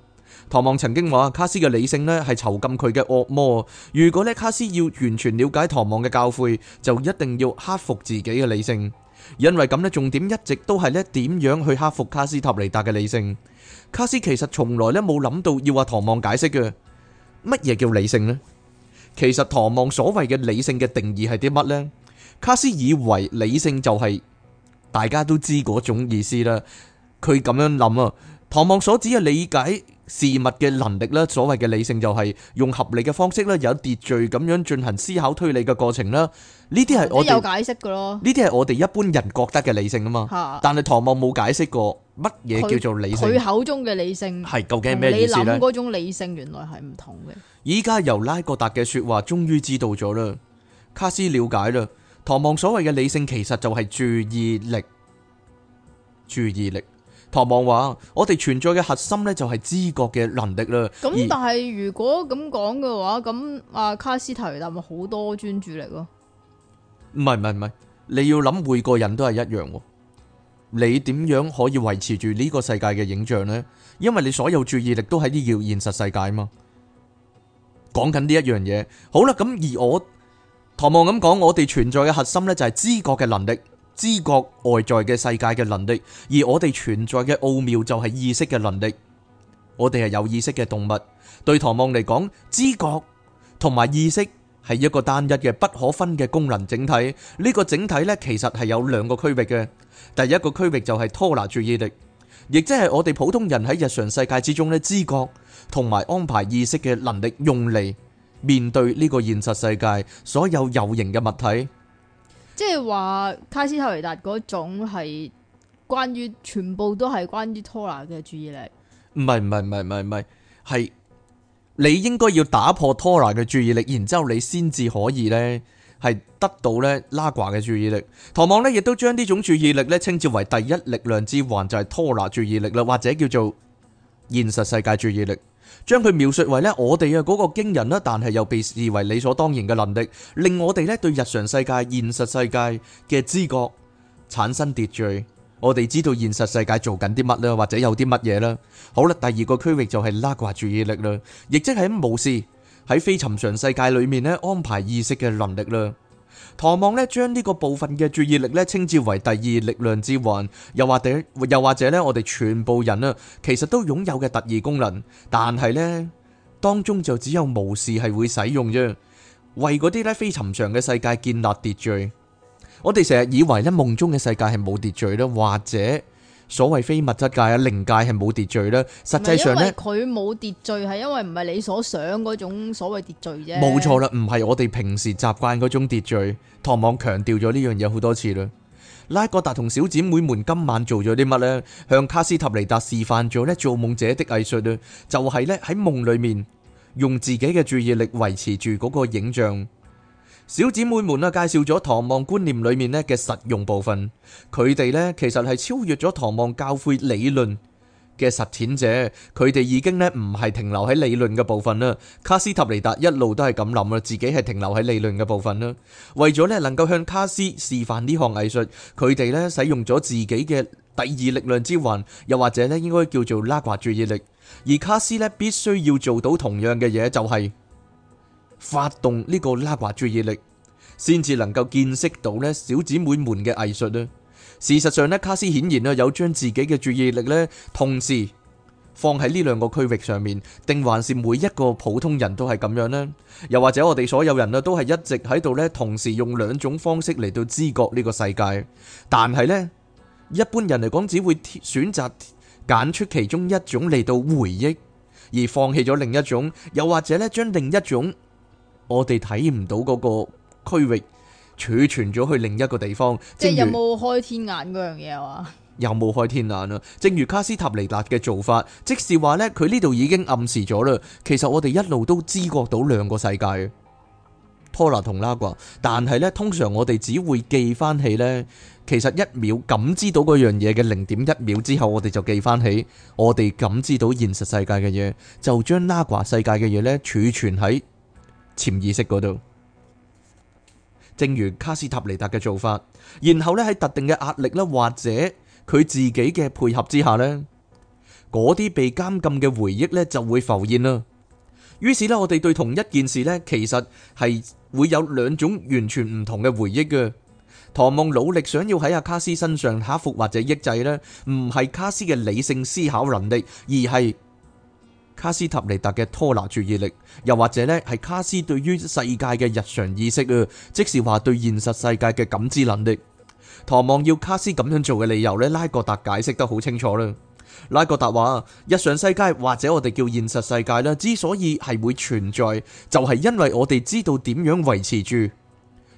唐望曾經話，卡斯嘅理性咧係囚禁佢嘅惡魔。如果咧卡斯要完全了解唐望嘅教誨，就一定要克服自己嘅理性。因為咁咧，重點一直都係咧點樣去克服卡斯塔尼達嘅理性。卡斯其實從來咧冇諗到要話唐望解釋嘅乜嘢叫理性呢？其實唐望所謂嘅理性嘅定義係啲乜呢？卡斯以為理性就係、是、大家都知嗰種意思啦。佢咁樣諗啊，唐望所指嘅理解。事物嘅能力咧，所謂嘅理性就係用合理嘅方式咧，有秩序咁樣進行思考推理嘅過程啦。呢啲係我有解釋嘅咯。呢啲係我哋一般人覺得嘅理性啊嘛。的但係唐望冇解釋過乜嘢叫做理性，佢口中嘅理性係究竟係咩意思咧？嗰種理性原來係唔同嘅。依家由拉各達嘅說話，終於知道咗啦。卡斯了解啦。唐望所謂嘅理性，其實就係注意力，注意力。唐望而話：我哋存在嘅核心呢，就係知覺嘅能力啦。咁但係如果咁講嘅話，咁阿卡斯提納咪好多專注力咯？唔係唔係唔係，你要諗每個人都係一樣。你點樣可以維持住呢個世界嘅影像呢？因為你所有注意力都喺呢個現實世界嘛。講緊呢一樣嘢，好啦，咁而我唐望咁講，我哋存在嘅核心呢，就係知覺嘅能力。知覺外在嘅世界嘅能力，而我哋存在嘅奧妙就係意識嘅能力。我哋係有意識嘅動物。對唐望嚟講，知覺同埋意識係一個單一嘅不可分嘅功能整體。呢個整體呢，其實係有兩個區域嘅。第一個區域就係拖拿注意力，亦即係我哋普通人喺日常世界之中呢，知覺同埋安排意識嘅能力，用嚟面對呢個現實世界所有有形嘅物體。即係話卡斯特爾達嗰種係關於全部都係關於托拉嘅注意力，唔係唔係唔係唔係唔係，係你應該要打破托拉嘅注意力，然之後你先至可以咧係得到咧拉掛嘅注意力。唐望咧亦都將呢種注意力咧稱之為第一力量之環，就係托拉注意力啦，或者叫做現實世界注意力。將佢描述為咧，我哋啊嗰個驚人啦，但係又被視為理所當然嘅能力，令我哋咧對日常世界、現實世界嘅知覺產生秩序。我哋知道現實世界做緊啲乜啦，或者有啲乜嘢啦。好啦，第二個區域就係拉掛注意力啦，亦即係無視喺非尋常世界裏面咧安排意識嘅能力啦。唐望咧將呢個部分嘅注意力咧稱之為第二力量之環，又或者又或者咧，我哋全部人啊其實都擁有嘅特異功能，但係呢，當中就只有巫士係會使用啫，為嗰啲咧非尋常嘅世界建立秩序。我哋成日以為咧夢中嘅世界係冇秩序咧，或者。所謂非物質界啊，靈界係冇秩序咧。實際上呢，佢冇秩序係因為唔係你所想嗰種所謂秩序啫。冇錯啦，唔係我哋平時習慣嗰種秩序。唐望強調咗呢樣嘢好多次啦。拉格達同小姐妹們今晚做咗啲乜呢？向卡斯塔尼達示範咗呢：「做夢者的藝術」呢，就係呢喺夢裡面用自己嘅注意力維持住嗰個影像。小姐妹們啊，介紹咗唐望觀念裡面呢嘅實用部分。佢哋呢其實係超越咗唐望教誨理論嘅實踐者。佢哋已經呢唔係停留喺理論嘅部分啦。卡斯塔尼達一路都係咁諗啦，自己係停留喺理論嘅部分啦。為咗呢能夠向卡斯示範呢項藝術，佢哋呢使用咗自己嘅第二力量之環，又或者呢應該叫做拉掛注意力。而卡斯呢必須要做到同樣嘅嘢，就係、是。發動呢個拉華注意力，先至能夠見識到呢小姐妹們嘅藝術呢。事實上呢，卡斯顯然咧有將自己嘅注意力呢同時放喺呢兩個區域上面，定還是每一個普通人都係咁樣呢？又或者我哋所有人呢都係一直喺度呢，同時用兩種方式嚟到知覺呢個世界，但係呢，一般人嚟講只會選擇揀出其中一種嚟到回憶，而放棄咗另一種，又或者呢將另一種，我哋睇唔到嗰個區域儲存咗去另一個地方，即係有冇開天眼嗰樣嘢啊？有冇開天眼啦，正如卡斯塔尼達嘅做法，即是話呢，佢呢度已經暗示咗啦。其實我哋一路都知覺到兩個世界，拖拉同拉瓜，但係呢，通常我哋只會記翻起呢。其實一秒感知到嗰樣嘢嘅零點一秒之後，我哋就記翻起我哋感知到現實世界嘅嘢，就將拉瓜世界嘅嘢呢儲存喺。潛意識嗰度，正如卡斯塔尼達嘅做法，然後呢，喺特定嘅壓力啦，或者佢自己嘅配合之下呢，嗰啲被監禁嘅回憶呢，就會浮現啦。於是呢，我哋對同一件事呢，其實係會有兩種完全唔同嘅回憶嘅。唐望努力想要喺阿卡斯身上克服或者抑制呢，唔係卡斯嘅理性思考能力，而係。卡斯塔尼達嘅拖拿注意力，又或者呢，係卡斯對於世界嘅日常意識啊，即是話對現實世界嘅感知能力。唐望要卡斯咁樣做嘅理由呢，拉格達解釋得好清楚啦。拉格達話：日常世界或者我哋叫現實世界啦，之所以係會存在，就係、是、因為我哋知道點樣維持住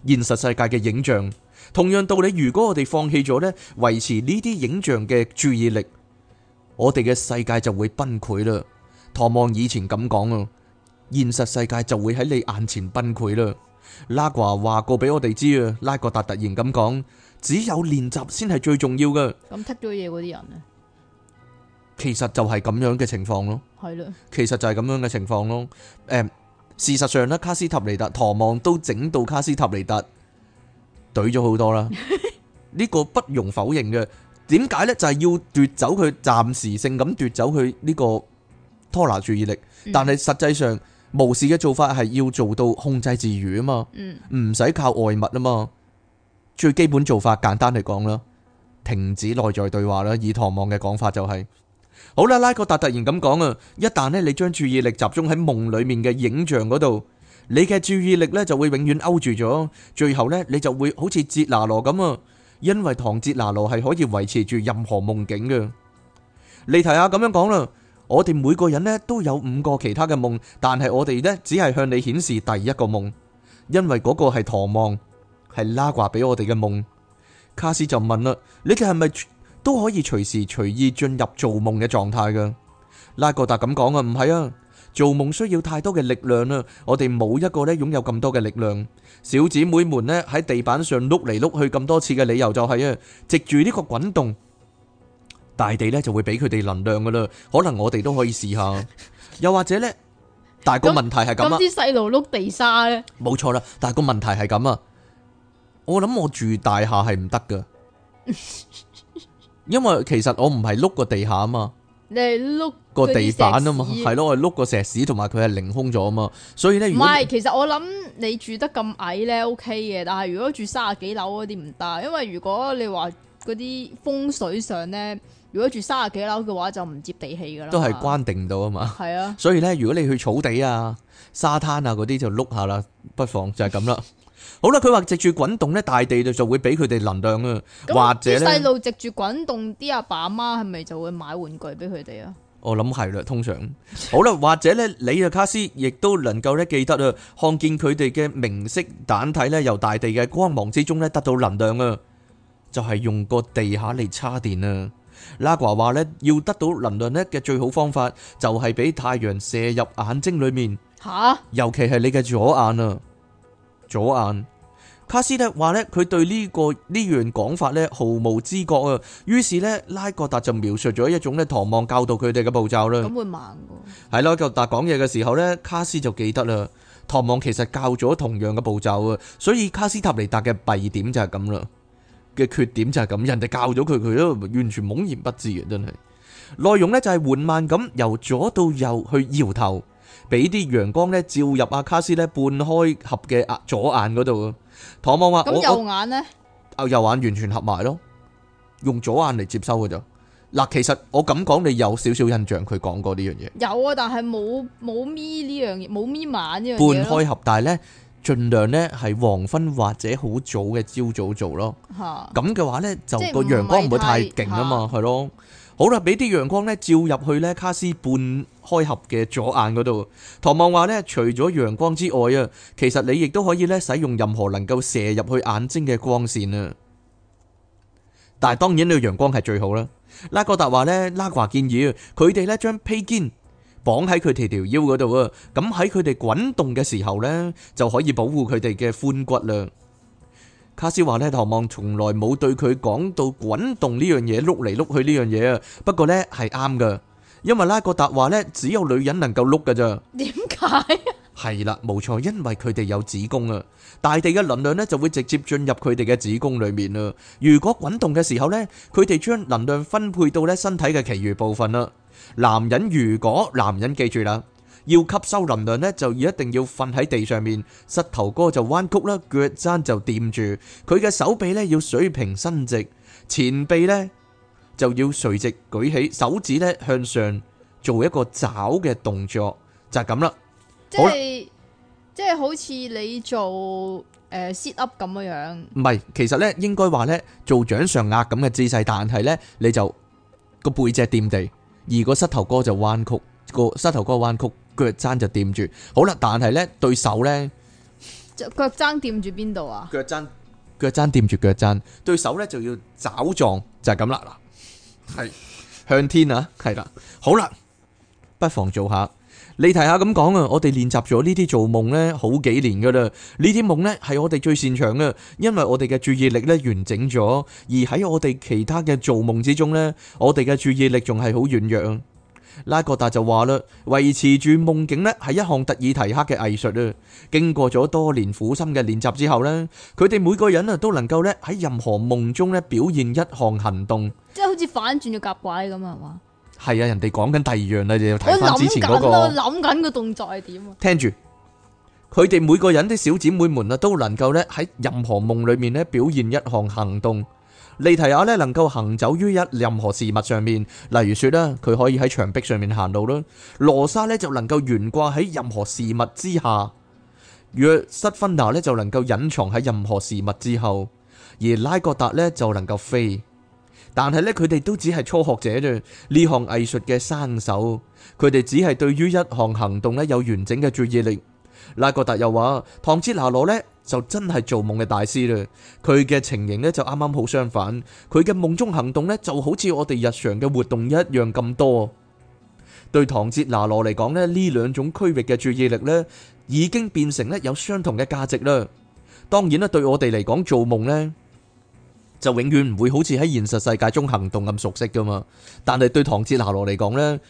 現實世界嘅影像。同樣道理，如果我哋放棄咗呢，維持呢啲影像嘅注意力，我哋嘅世界就會崩潰啦。唐望以前咁講啊，現實世界就會喺你眼前崩潰啦。拉華話過俾我哋知啊，拉國達突然咁講，只有練習先係最重要嘅。咁剔咗嘢嗰啲人咧，其實就係咁樣嘅情況咯。係啦，其實就係咁樣嘅情況咯。誒，事實上咧，卡斯塔尼達唐望都整到卡斯塔尼達懟咗好多啦。呢個不容否認嘅。點解咧？就係要奪走佢暫時性咁奪走佢呢個。拖拿注意力，但係實際上無視嘅做法係要做到控制自如啊嘛，唔使靠外物啊嘛。最基本做法，簡單嚟講啦，停止內在對話啦。以唐望嘅講法就係、是，好啦，拉哥達突然咁講啊，一旦呢你將注意力集中喺夢裏面嘅影像嗰度，你嘅注意力呢就會永遠勾住咗，最後呢，你就會好似捷拿羅咁啊，因為唐捷拿羅係可以維持住任何夢境嘅。你睇下咁樣講啦。我哋每個人咧都有五個其他嘅夢，但係我哋咧只係向你顯示第一個夢，因為嗰個係唐望，係拉掛俾我哋嘅夢。卡斯就問啦：你哋係咪都可以隨時隨意進入做夢嘅狀態噶？拉哥達咁講啊，唔係啊，做夢需要太多嘅力量啦，我哋冇一個咧擁有咁多嘅力量。小姐妹們咧喺地板上碌嚟碌去咁多次嘅理由就係啊，藉住呢個滾動。大地咧就會俾佢哋能量噶啦，可能我哋都可以試下，又或者咧，但係個問題係咁啊，啱啱啲細路碌地沙咧，冇錯啦，但係個問題係咁啊，我諗我住大廈係唔得噶，因為其實我唔係碌個地下啊嘛，你係碌個地板啊嘛，係咯，我係碌個石屎，同埋佢係凌空咗啊嘛，所以咧唔係，其實我諗你住得咁矮咧 OK 嘅，但係如果住三十幾樓嗰啲唔得，因為如果你話嗰啲風水上咧。如果住三十幾樓嘅話，就唔接地氣噶啦，都係關定到啊嘛。係是啊，所以咧，如果你去草地啊、沙灘啊嗰啲，就碌下啦，不妨就係咁啦。 好啦，佢話藉住滾動咧，大地就就會俾佢哋能量啊。 或者細路藉住滾動，啲阿爸阿媽係咪就會買玩具俾佢哋啊？我諗係啦，通常好啦，或者咧，你啊卡斯亦都能夠咧記得啊， 看見佢哋嘅明色蛋體咧，由大地嘅光芒之中咧得到能量啊，就係、是、用個地下嚟叉電啊。拉瓜話咧，要得到能量咧嘅最好方法就係俾太陽射入眼睛裏面。吓哈，尤其係你嘅左眼啊，左眼。卡斯咧話咧，佢對呢個呢樣講法咧毫無知覺啊。於是咧，拉格達就描述咗一種咧唐望教導佢哋嘅步驟啦。咁會慢噶，喔。係咯，拉格達講嘢嘅時候咧，卡斯就記得啦。唐望其實教咗同樣嘅步驟啊，所以卡斯塔尼達嘅第二點就係咁啦。嘅缺點就係咁，人哋教咗佢，佢都完全懵然不知嘅，真係。內容咧就係緩慢咁由左到右去搖頭，俾啲陽光咧照入阿卡斯咧半開合嘅阿左眼嗰度。唐望話：咁右眼咧？啊，右眼完全合埋咯，用左眼嚟接收嘅就。嗱，其實我咁講，你有少少印象佢講過呢樣嘢。有啊，但係冇冇眯呢樣嘢，冇眯眼呢樣嘢。半開合，但係咧。盡量呢係黃昏或者好早嘅朝早做咯，咁嘅、啊、話呢，就個是陽光唔會太勁啊嘛，係咯。好啦，俾啲陽光呢照入去呢卡斯半開合嘅左眼嗰度。唐望話呢，除咗陽光之外啊，其實你亦都可以呢使用任何能夠射入去眼睛嘅光線啊。但係當然你陽光係最好啦。拉哥達話呢，拉哥華建議佢哋呢將披肩綁喺佢哋條腰嗰度啊！咁喺佢哋滾動嘅時候咧，就可以保護佢哋嘅髖骨啦。卡斯話咧，唐望從來冇對佢講到滾動呢樣嘢，碌嚟碌去呢樣嘢啊。不過咧係啱噶，因為拉各達話咧，只有女人能夠碌噶咋。點解？係啦，冇錯，因為佢哋有子宮啊！大地嘅能量咧就會直接進入佢哋嘅子宮裏面啦。如果滾動嘅時候咧，佢哋將能量分配到咧身體嘅其餘部分啦。男人，如果男人記住啦，要吸收能量咧，就一定要瞓喺地上面，膝頭哥就彎曲啦，腳踭就掂住，佢嘅手臂咧，要水平伸直，前臂咧就要垂直舉起，手指咧向上做一個爪嘅動作，就係咁啦。即係即係好似你做誒 sit up 咁樣樣。唔係，其實咧應該話咧做掌上壓咁嘅姿勢，但係咧你就個背脊掂地。而個膝頭哥就彎曲，個膝頭哥彎曲，腳踭就掂住。好啦，但係咧，對手咧、啊，腳踭掂住邊度啊？腳踭，腳踭掂住腳踭。對手咧就要爪撞，就係咁啦嗱。係向天啊，係啦。好啦，不妨做下。你提下咁講啊！我哋練習咗呢啲做夢呢好幾年噶啦，呢啲夢呢係我哋最擅長嘅，因為我哋嘅注意力呢完整咗，而喺我哋其他嘅做夢之中呢，我哋嘅注意力仲係好軟弱。拉各達就話啦，維持住夢境呢係一項特爾提克嘅藝術啊！經過咗多年苦心嘅練習之後呢，佢哋每個人啊都能夠呢喺任何夢中呢表現一項行動，即係好似反轉咗夾鬼咁啊嘛！係啊，人哋講緊第二樣啦，就要睇翻之前嗰個。諗緊個動作係點啊？聽住，佢哋每個人的小姐妹們啊，都能夠咧喺任何夢裏面咧表現一項行動。利提亞咧能夠行走於一任何事物上面，例如說啦，佢可以喺牆壁上面行路啦。羅莎咧就能夠懸掛喺任何事物之下。約瑟芬娜咧就能夠隱藏喺任何事物之後，而拉各達咧就能夠飛。但係咧，佢哋都只係初學者啫。呢項藝術嘅新手，佢哋只係對於一項行動咧有完整嘅注意力。拉葛達又話唐哲拿羅咧就真係做夢嘅大師啦。佢嘅情形咧就啱啱好相反，佢嘅夢中行動咧就好似我哋日常嘅活動一樣咁多。對唐哲拿羅嚟講咧，呢兩種區域嘅注意力咧已經變成咧有相同嘅價值啦。當然啦，對我哋嚟講，做夢咧。就永遠唔會好似喺現實世界中行動咁熟悉噶嘛，但係對唐哲拿羅嚟講呢，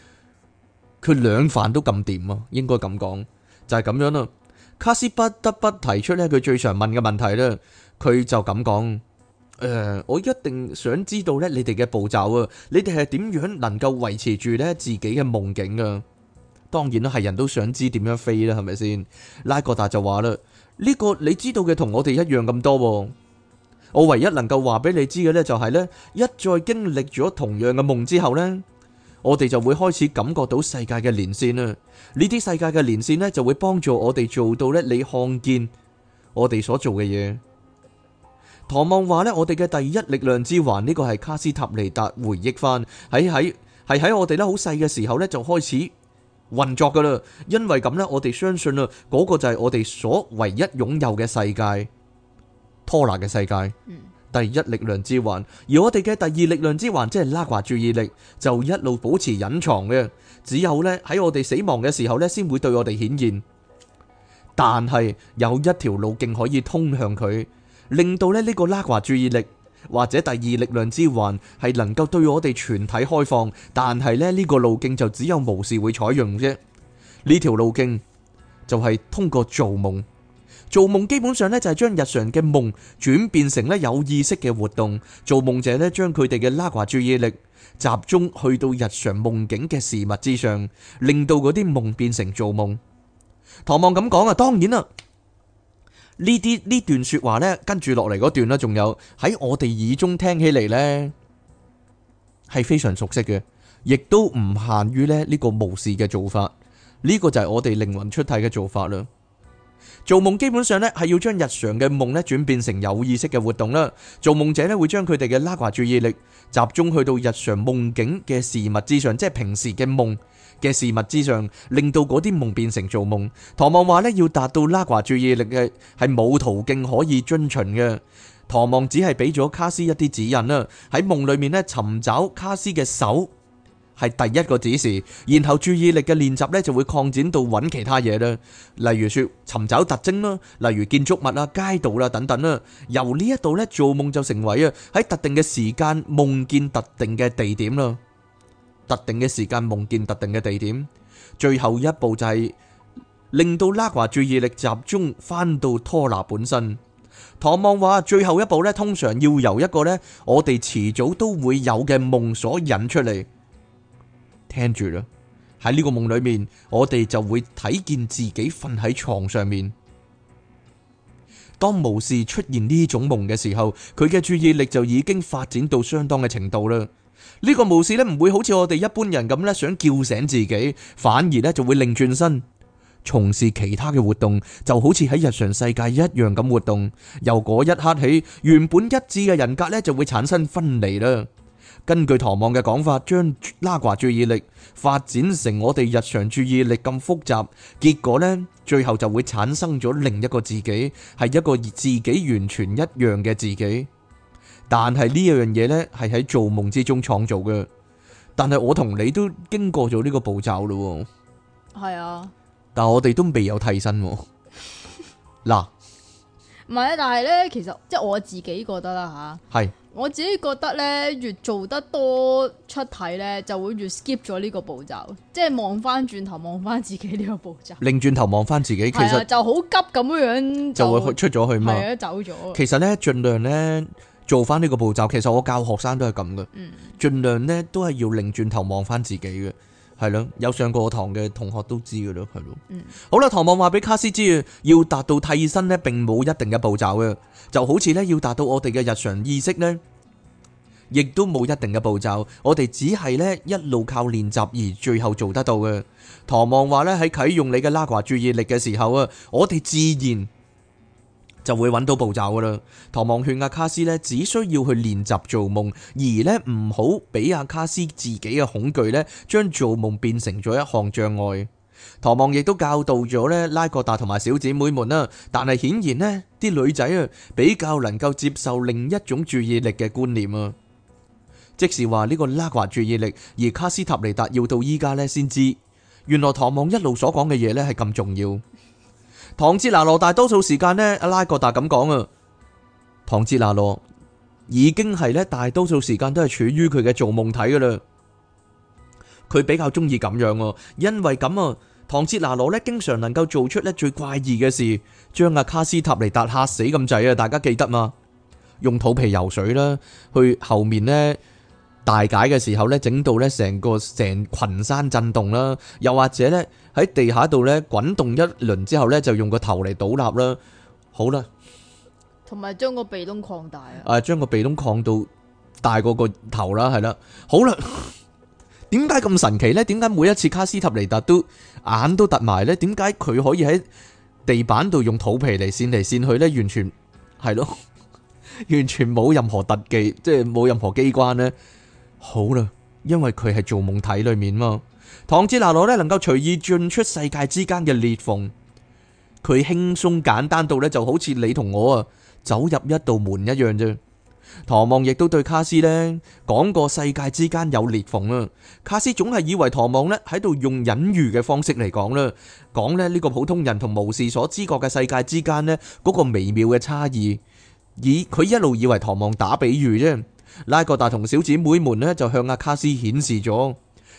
佢兩飯都咁掂啊，應該咁講就係、是、咁樣啦。卡斯不得不提出呢，佢最常問嘅問題咧，佢就咁講：誒、呃，我一定想知道呢，你哋嘅步驟啊，你哋係點樣能夠維持住呢自己嘅夢境啊？當然啦，係人都想知點樣飛啦，係咪先？拉格達就話啦：呢、這個你知道嘅同我哋一樣咁多。我唯一能夠話俾你知嘅呢，就係、是、呢：一再經歷咗同樣嘅夢之後呢，我哋就會開始感覺到世界嘅連線啦。呢啲世界嘅連線呢，就會幫助我哋做到呢。你看見我哋所做嘅嘢。唐望話呢，我哋嘅第一力量之環呢、這個係卡斯塔尼達回憶翻喺喺係喺我哋咧好細嘅時候呢，就開始運作噶啦。因為咁呢，我哋相信啊，嗰個就係我哋所唯一擁有嘅世界。拖拿嘅世界，第一力量之環，而我哋嘅第二力量之環，即係拉掛注意力，就一路保持隱藏嘅。只有咧喺我哋死亡嘅時候咧，先會對我哋顯現。但係有一條路徑可以通向佢，令到咧呢個拉掛注意力或者第二力量之環係能夠對我哋全體開放。但係咧呢個路徑就只有巫士會採用啫。呢條路徑就係通過做夢。做夢基本上呢，就係將日常嘅夢轉變成咧有意識嘅活動，做夢者呢，將佢哋嘅拉華注意力集中去到日常夢境嘅事物之上，令到嗰啲夢變成做夢。唐望咁講啊，當然啦，呢啲呢段說話呢，跟住落嚟嗰段呢，仲有喺我哋耳中聽起嚟呢，係非常熟悉嘅，亦都唔限於咧呢個巫士嘅做法，呢、呢個就係我哋靈魂出體嘅做法啦。做夢基本上咧係要將日常嘅夢咧轉變成有意識嘅活動啦。做夢者咧會將佢哋嘅拉瓜注意力集中去到日常夢境嘅事物之上，即係平時嘅夢嘅事物之上，令到嗰啲夢變成做夢。唐望話咧要達到拉瓜注意力嘅係冇途徑可以遵循嘅。唐望只係俾咗卡斯一啲指引啦，喺夢裏面咧尋找卡斯嘅手。是第一個指示，然後注意力的練習就會擴展到找其他東西，例如尋找特徵，例如建築物，街道等等，由呢一度做夢就成為在特定的時間夢見特定的地點。特定的時間夢見特定的地點，最後一步就是令到拉華注意力集中返到拖拿本身。唐望說，最後一步呢通常要由一個我們遲早都會有的夢所引出來。聽住啦，喺呢個夢裏面，我哋就會睇見自己瞓喺床上面。當巫士出現呢種夢嘅時候，佢嘅注意力就已經發展到相當嘅程度啦。呢、呢個巫士呢，唔會好似我哋一般人咁呢，想叫醒自己，反而呢就會擰轉身，從事其他嘅活動，就好似喺日常世界一樣咁活動。由嗰一刻起，原本一致嘅人格呢就會產生分離啦。根據唐望嘅講法，將拉瓜注意力發展成我哋日常注意力咁複雜，結果呢，最後就會產生咗另一個自己，係一個自己完全一樣嘅自己。但係呢樣嘢呢，係喺做夢之中創造嘅，但係我同你都經過咗呢個步驟咯。係啊，但係我哋都未有替身喎。嗱，唔係啊，但係呢，其實即係、就是、我自己覺得啦吓。係、啊。我自己覺得咧，越做得多出體咧，就會越 skip 咗呢個步驟，即係望翻轉頭望翻自己呢個步驟。擰轉頭望翻自己，其實就好急咁樣，就會出咗去嘛。係啊，走咗。其實咧，儘量咧做翻呢個步驟。其實我教學生都係咁嘅，嗯、儘量咧都係要擰轉頭望翻自己嘅。係咯，有上過堂嘅同學都知噶啦，係咯。嗯、好啦，唐望話俾卡斯知要達到替身呢並冇一定嘅步驟嘅，就好似呢，要達到我哋嘅日常意識呢，亦都冇一定嘅步驟，我哋只係呢一路靠練習而最後做得到嘅。唐望話呢，喺啟用你嘅拉華注意力嘅時候啊，我哋自然。就會揾到步驟噶啦。唐望勸阿卡斯呢，只需要去練習做夢，而呢唔好俾阿卡斯自己嘅恐懼呢，將做夢變成咗一項障礙。唐望亦都教導咗呢拉各達同埋小姐妹們啦，但係顯然呢啲女仔啊比較能夠接受另一種注意力嘅觀念啊，即是話呢個拉華注意力。而卡斯塔尼達要到依家呢先知，原來唐望一路所講嘅嘢呢係咁重要。唐哲拿羅大多數時間呢，阿拉格達咁講啊，唐哲拿羅已經係呢大多數時間都係處於佢嘅做夢體噶啦，佢比較中意咁樣啊，因為咁啊，唐哲拿羅呢，經常能夠做出呢最怪異嘅事，將阿卡斯塔尼達嚇死咁滯啊，大家記得嘛，用肚皮游水啦，去後面呢。大解嘅時候呢，整到呢成個成群山震動啦，又或者呢喺地下度呢滾動一輪之後呢，就用個頭嚟倒立啦，好啦，同埋將個鼻窿擴大啊，啊，將個鼻窿擴到大過個頭啦，係啦，好啦，點解咁神奇呢？點解每一次卡斯塔尼達都眼都突埋呢？點解佢可以喺地板度用肚皮嚟扇嚟扇去呢？完全係咯， 完全冇任何特技，即係冇任何機關呢。好啦，因為佢係做夢體裏面嘛，唐智拿羅呢能夠隨意進出世界之間嘅裂縫，佢輕鬆簡單到呢就好似你同我啊走入一道門一樣啫。唐望亦都對卡斯呢講過世界之間有裂縫啦，卡斯總係以為唐望呢喺度用隱喻嘅方式嚟講啦，講咧呢個普通人同巫士所知覺嘅世界之間呢嗰個微妙嘅差異，而佢一路以為唐望打比喻啫。拉格達同小姐妹們咧就向阿卡斯顯示咗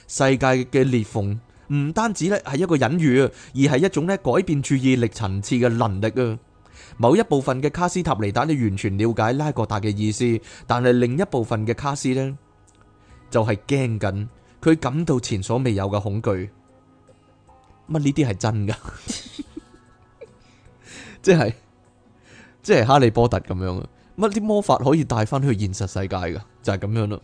世界嘅裂縫，唔單止咧係一個隱喻，而係一種咧改變注意力層次嘅能力啊！某一部分嘅卡斯塔尼達咧完全了解拉格達嘅意思，但係另一部分嘅卡斯呢，就係驚緊，佢感到前所未有嘅恐懼。乜呢啲係真噶？ 即係即係哈利波特咁樣啊！乜啲魔法可以帶翻去現實世界噶？就係、是、咁樣咯。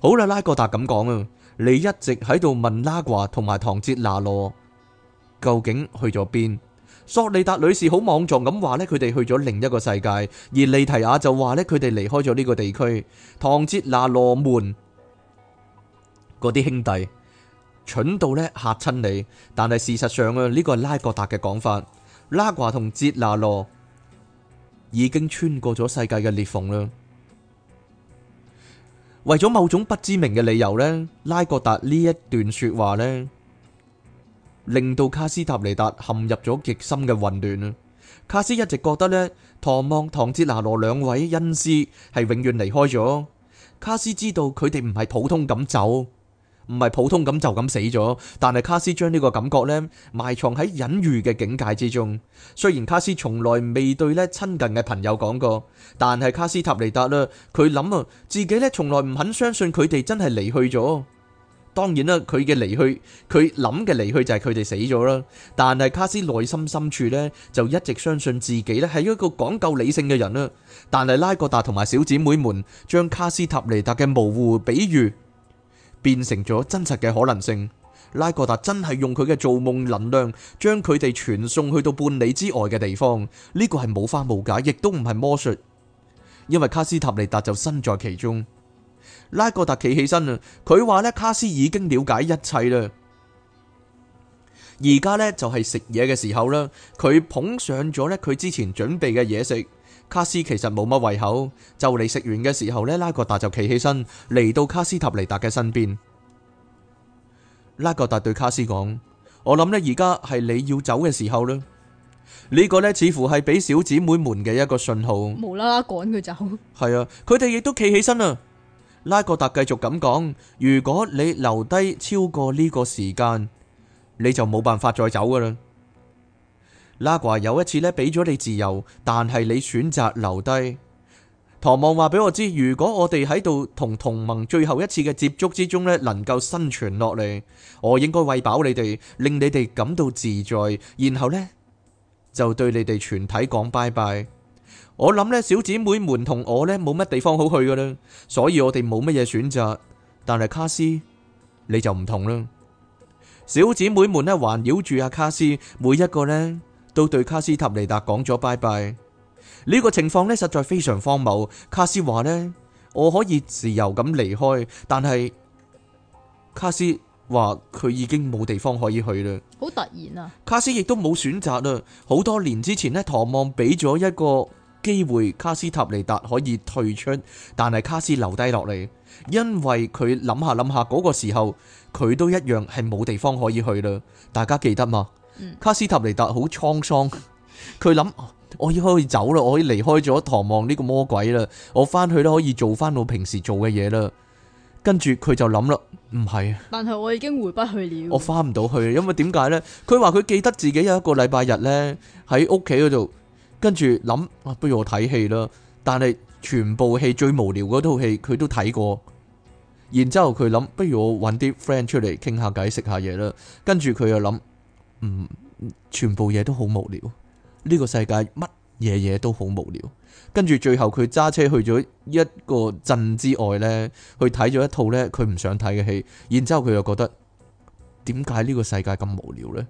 好啦，拉格達咁講啊，你一直喺度問拉瓜同埋唐哲那羅究竟去咗邊？索利達女士好莽撞咁話咧，佢哋去咗另一個世界；而利提亞就話咧，佢哋離開咗呢個地區。唐哲那羅門嗰啲兄弟蠢到咧嚇親你，但係事實上啊，呢、這個係拉格達嘅講法。拉瓜同哲那羅。已經穿過咗世界嘅裂縫啦。為咗某種不知名嘅理由呢，拉各達呢一段說話呢，令到卡斯塔尼達陷入咗極深嘅混亂啊！卡斯一直覺得呢，唐望唐哲拿羅兩位恩師係永遠離開咗。卡斯知道佢哋唔係普通咁走。唔係普通咁就咁死咗，但係卡斯將呢個感覺咧埋藏喺隱喻嘅境界之中。雖然卡斯從來未對咧親近嘅朋友講過，但係卡斯塔尼達啦，佢諗啊自己咧從來唔肯相信佢哋真係離去咗。當然啦，佢嘅離去，佢諗嘅離去就係佢哋死咗啦。但係卡斯內心深處咧就一直相信自己咧係一個講究理性嘅人啦。但係拉各達同埋小姐妹們將卡斯塔尼達嘅模糊比喻。變成咗真實嘅可能性，拉格達真係用佢嘅造夢能量將佢哋傳送去到半里之外嘅地方，呢個係冇花冇假，亦都唔係魔術，因為卡斯塔尼達就身在其中。拉格達企起身啊，佢話咧卡斯已經了解一切啦，而家呢，就係食嘢嘅時候啦，佢捧上咗咧佢之前準備嘅嘢食。卡斯其實冇乜胃口，就嚟食完嘅時候呢，拉格達就企起身嚟，到卡斯塔尼達嘅身邊。拉格達對卡斯講：我諗呢，而家係你要走嘅時候啦。呢個呢，似乎係俾小姐妹們嘅一個信號。無啦啦趕佢走。係啊，佢哋亦都企起身啦。拉格達繼續咁講：如果你留低超過呢個時間，你就冇辦法再走噶啦拉掛有一次咧，俾咗你自由，但係你選擇留低。唐望話俾我知，如果我哋喺度同同盟最後一次嘅接觸之中咧，能夠生存落嚟，我應該餵飽你哋，令你哋感到自在，然後呢，就對你哋全體講拜拜。我諗呢，小姐妹們同我呢冇乜地方好去㗎啦，所以我哋冇乜嘢選擇。但係卡斯，你就唔同啦。小姐妹們呢，環繞住阿卡斯，每一個呢。都對卡斯塔尼達講咗拜拜，呢個情況呢，實在非常荒謬。卡斯話呢，我可以自由咁離開，但係卡斯話佢已經冇地方可以去啦。好突然啊！卡斯亦都冇選擇啦。好多年之前呢，唐望俾咗一個機會，卡斯塔尼達可以退出，但係卡斯留低落嚟，因為佢諗下諗下嗰個時候，佢都一樣係冇地方可以去啦。大家記得嗎？卡斯塔尼達好滄桑，佢諗，我可以可以走啦，我可以離開咗唐望呢個魔鬼啦，我翻去都可以做翻我平時做嘅嘢啦。跟住佢就諗啦，唔係，但係我已經回不去了，我翻唔到去，因為點解呢？佢話佢記得自己有一個禮拜日呢喺，屋企嗰度，跟住諗啊，不如我睇戲啦。但係全部戲最無聊嗰套戲，佢都睇過。然之後佢諗，不如我揾啲 friend 出嚟傾下偈，食下嘢啦。跟住佢又諗。嗯，全部嘢都好無聊。呢個世界乜嘢嘢都好無聊。跟住最後佢揸車去咗一個鎮之外呢去睇咗一套呢佢唔想睇嘅戲。然之後佢又覺得點解呢個世界咁無聊呢？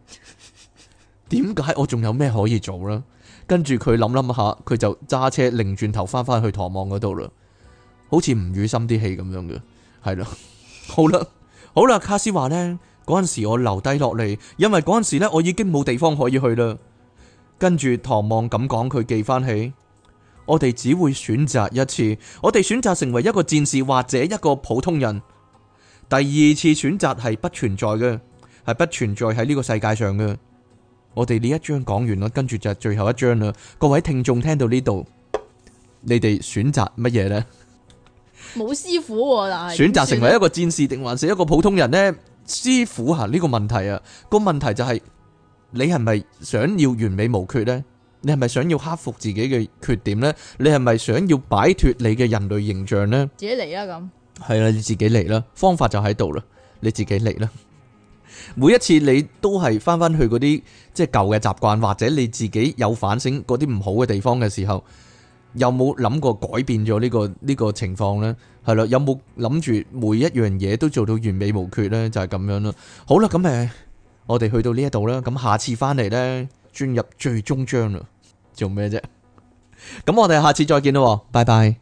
點解我仲有咩可以做呢？想想」跟住佢諗諗下，佢就揸車擰轉頭翻返去唐望嗰度啦。好似吳宇森啲戲咁樣嘅，係咯。好啦，好啦，卡斯話呢。嗰陣時我留低落嚟，因為嗰陣時呢，我已經冇地方可以去啦。跟住唐望咁講，佢記翻起，我哋只會選擇一次，我哋選擇成為一個戰士或者一個普通人。第二次選擇係不存在嘅，係不存在喺呢個世界上嘅。我哋呢一章講完啦，跟住就係最後一章啦。各位聽眾聽到呢度，你哋選擇乜嘢呢？冇師傅、啊，選擇成為一個戰士定還是一個普通人呢？師傅吓，呢個問題啊，個問題就係你係咪想要完美無缺呢？你係咪想要克服自己嘅缺點呢？你係咪想要擺脫你嘅人類形象呢？自己嚟啊！咁係啊，你自己嚟啦，方法就喺度啦，你自己嚟啦。每一次你都係翻翻去嗰啲即係舊嘅習慣，或者你自己有反省嗰啲唔好嘅地方嘅時候。有冇諗過改變咗呢個呢個情況呢？係咯，有冇諗住每一樣嘢都做到完美無缺呢？就係咁樣啦。好啦，咁誒，我哋去到呢一度啦。咁下次翻嚟呢，進入最終章啦。做咩啫？咁我哋下次再見啦。拜拜。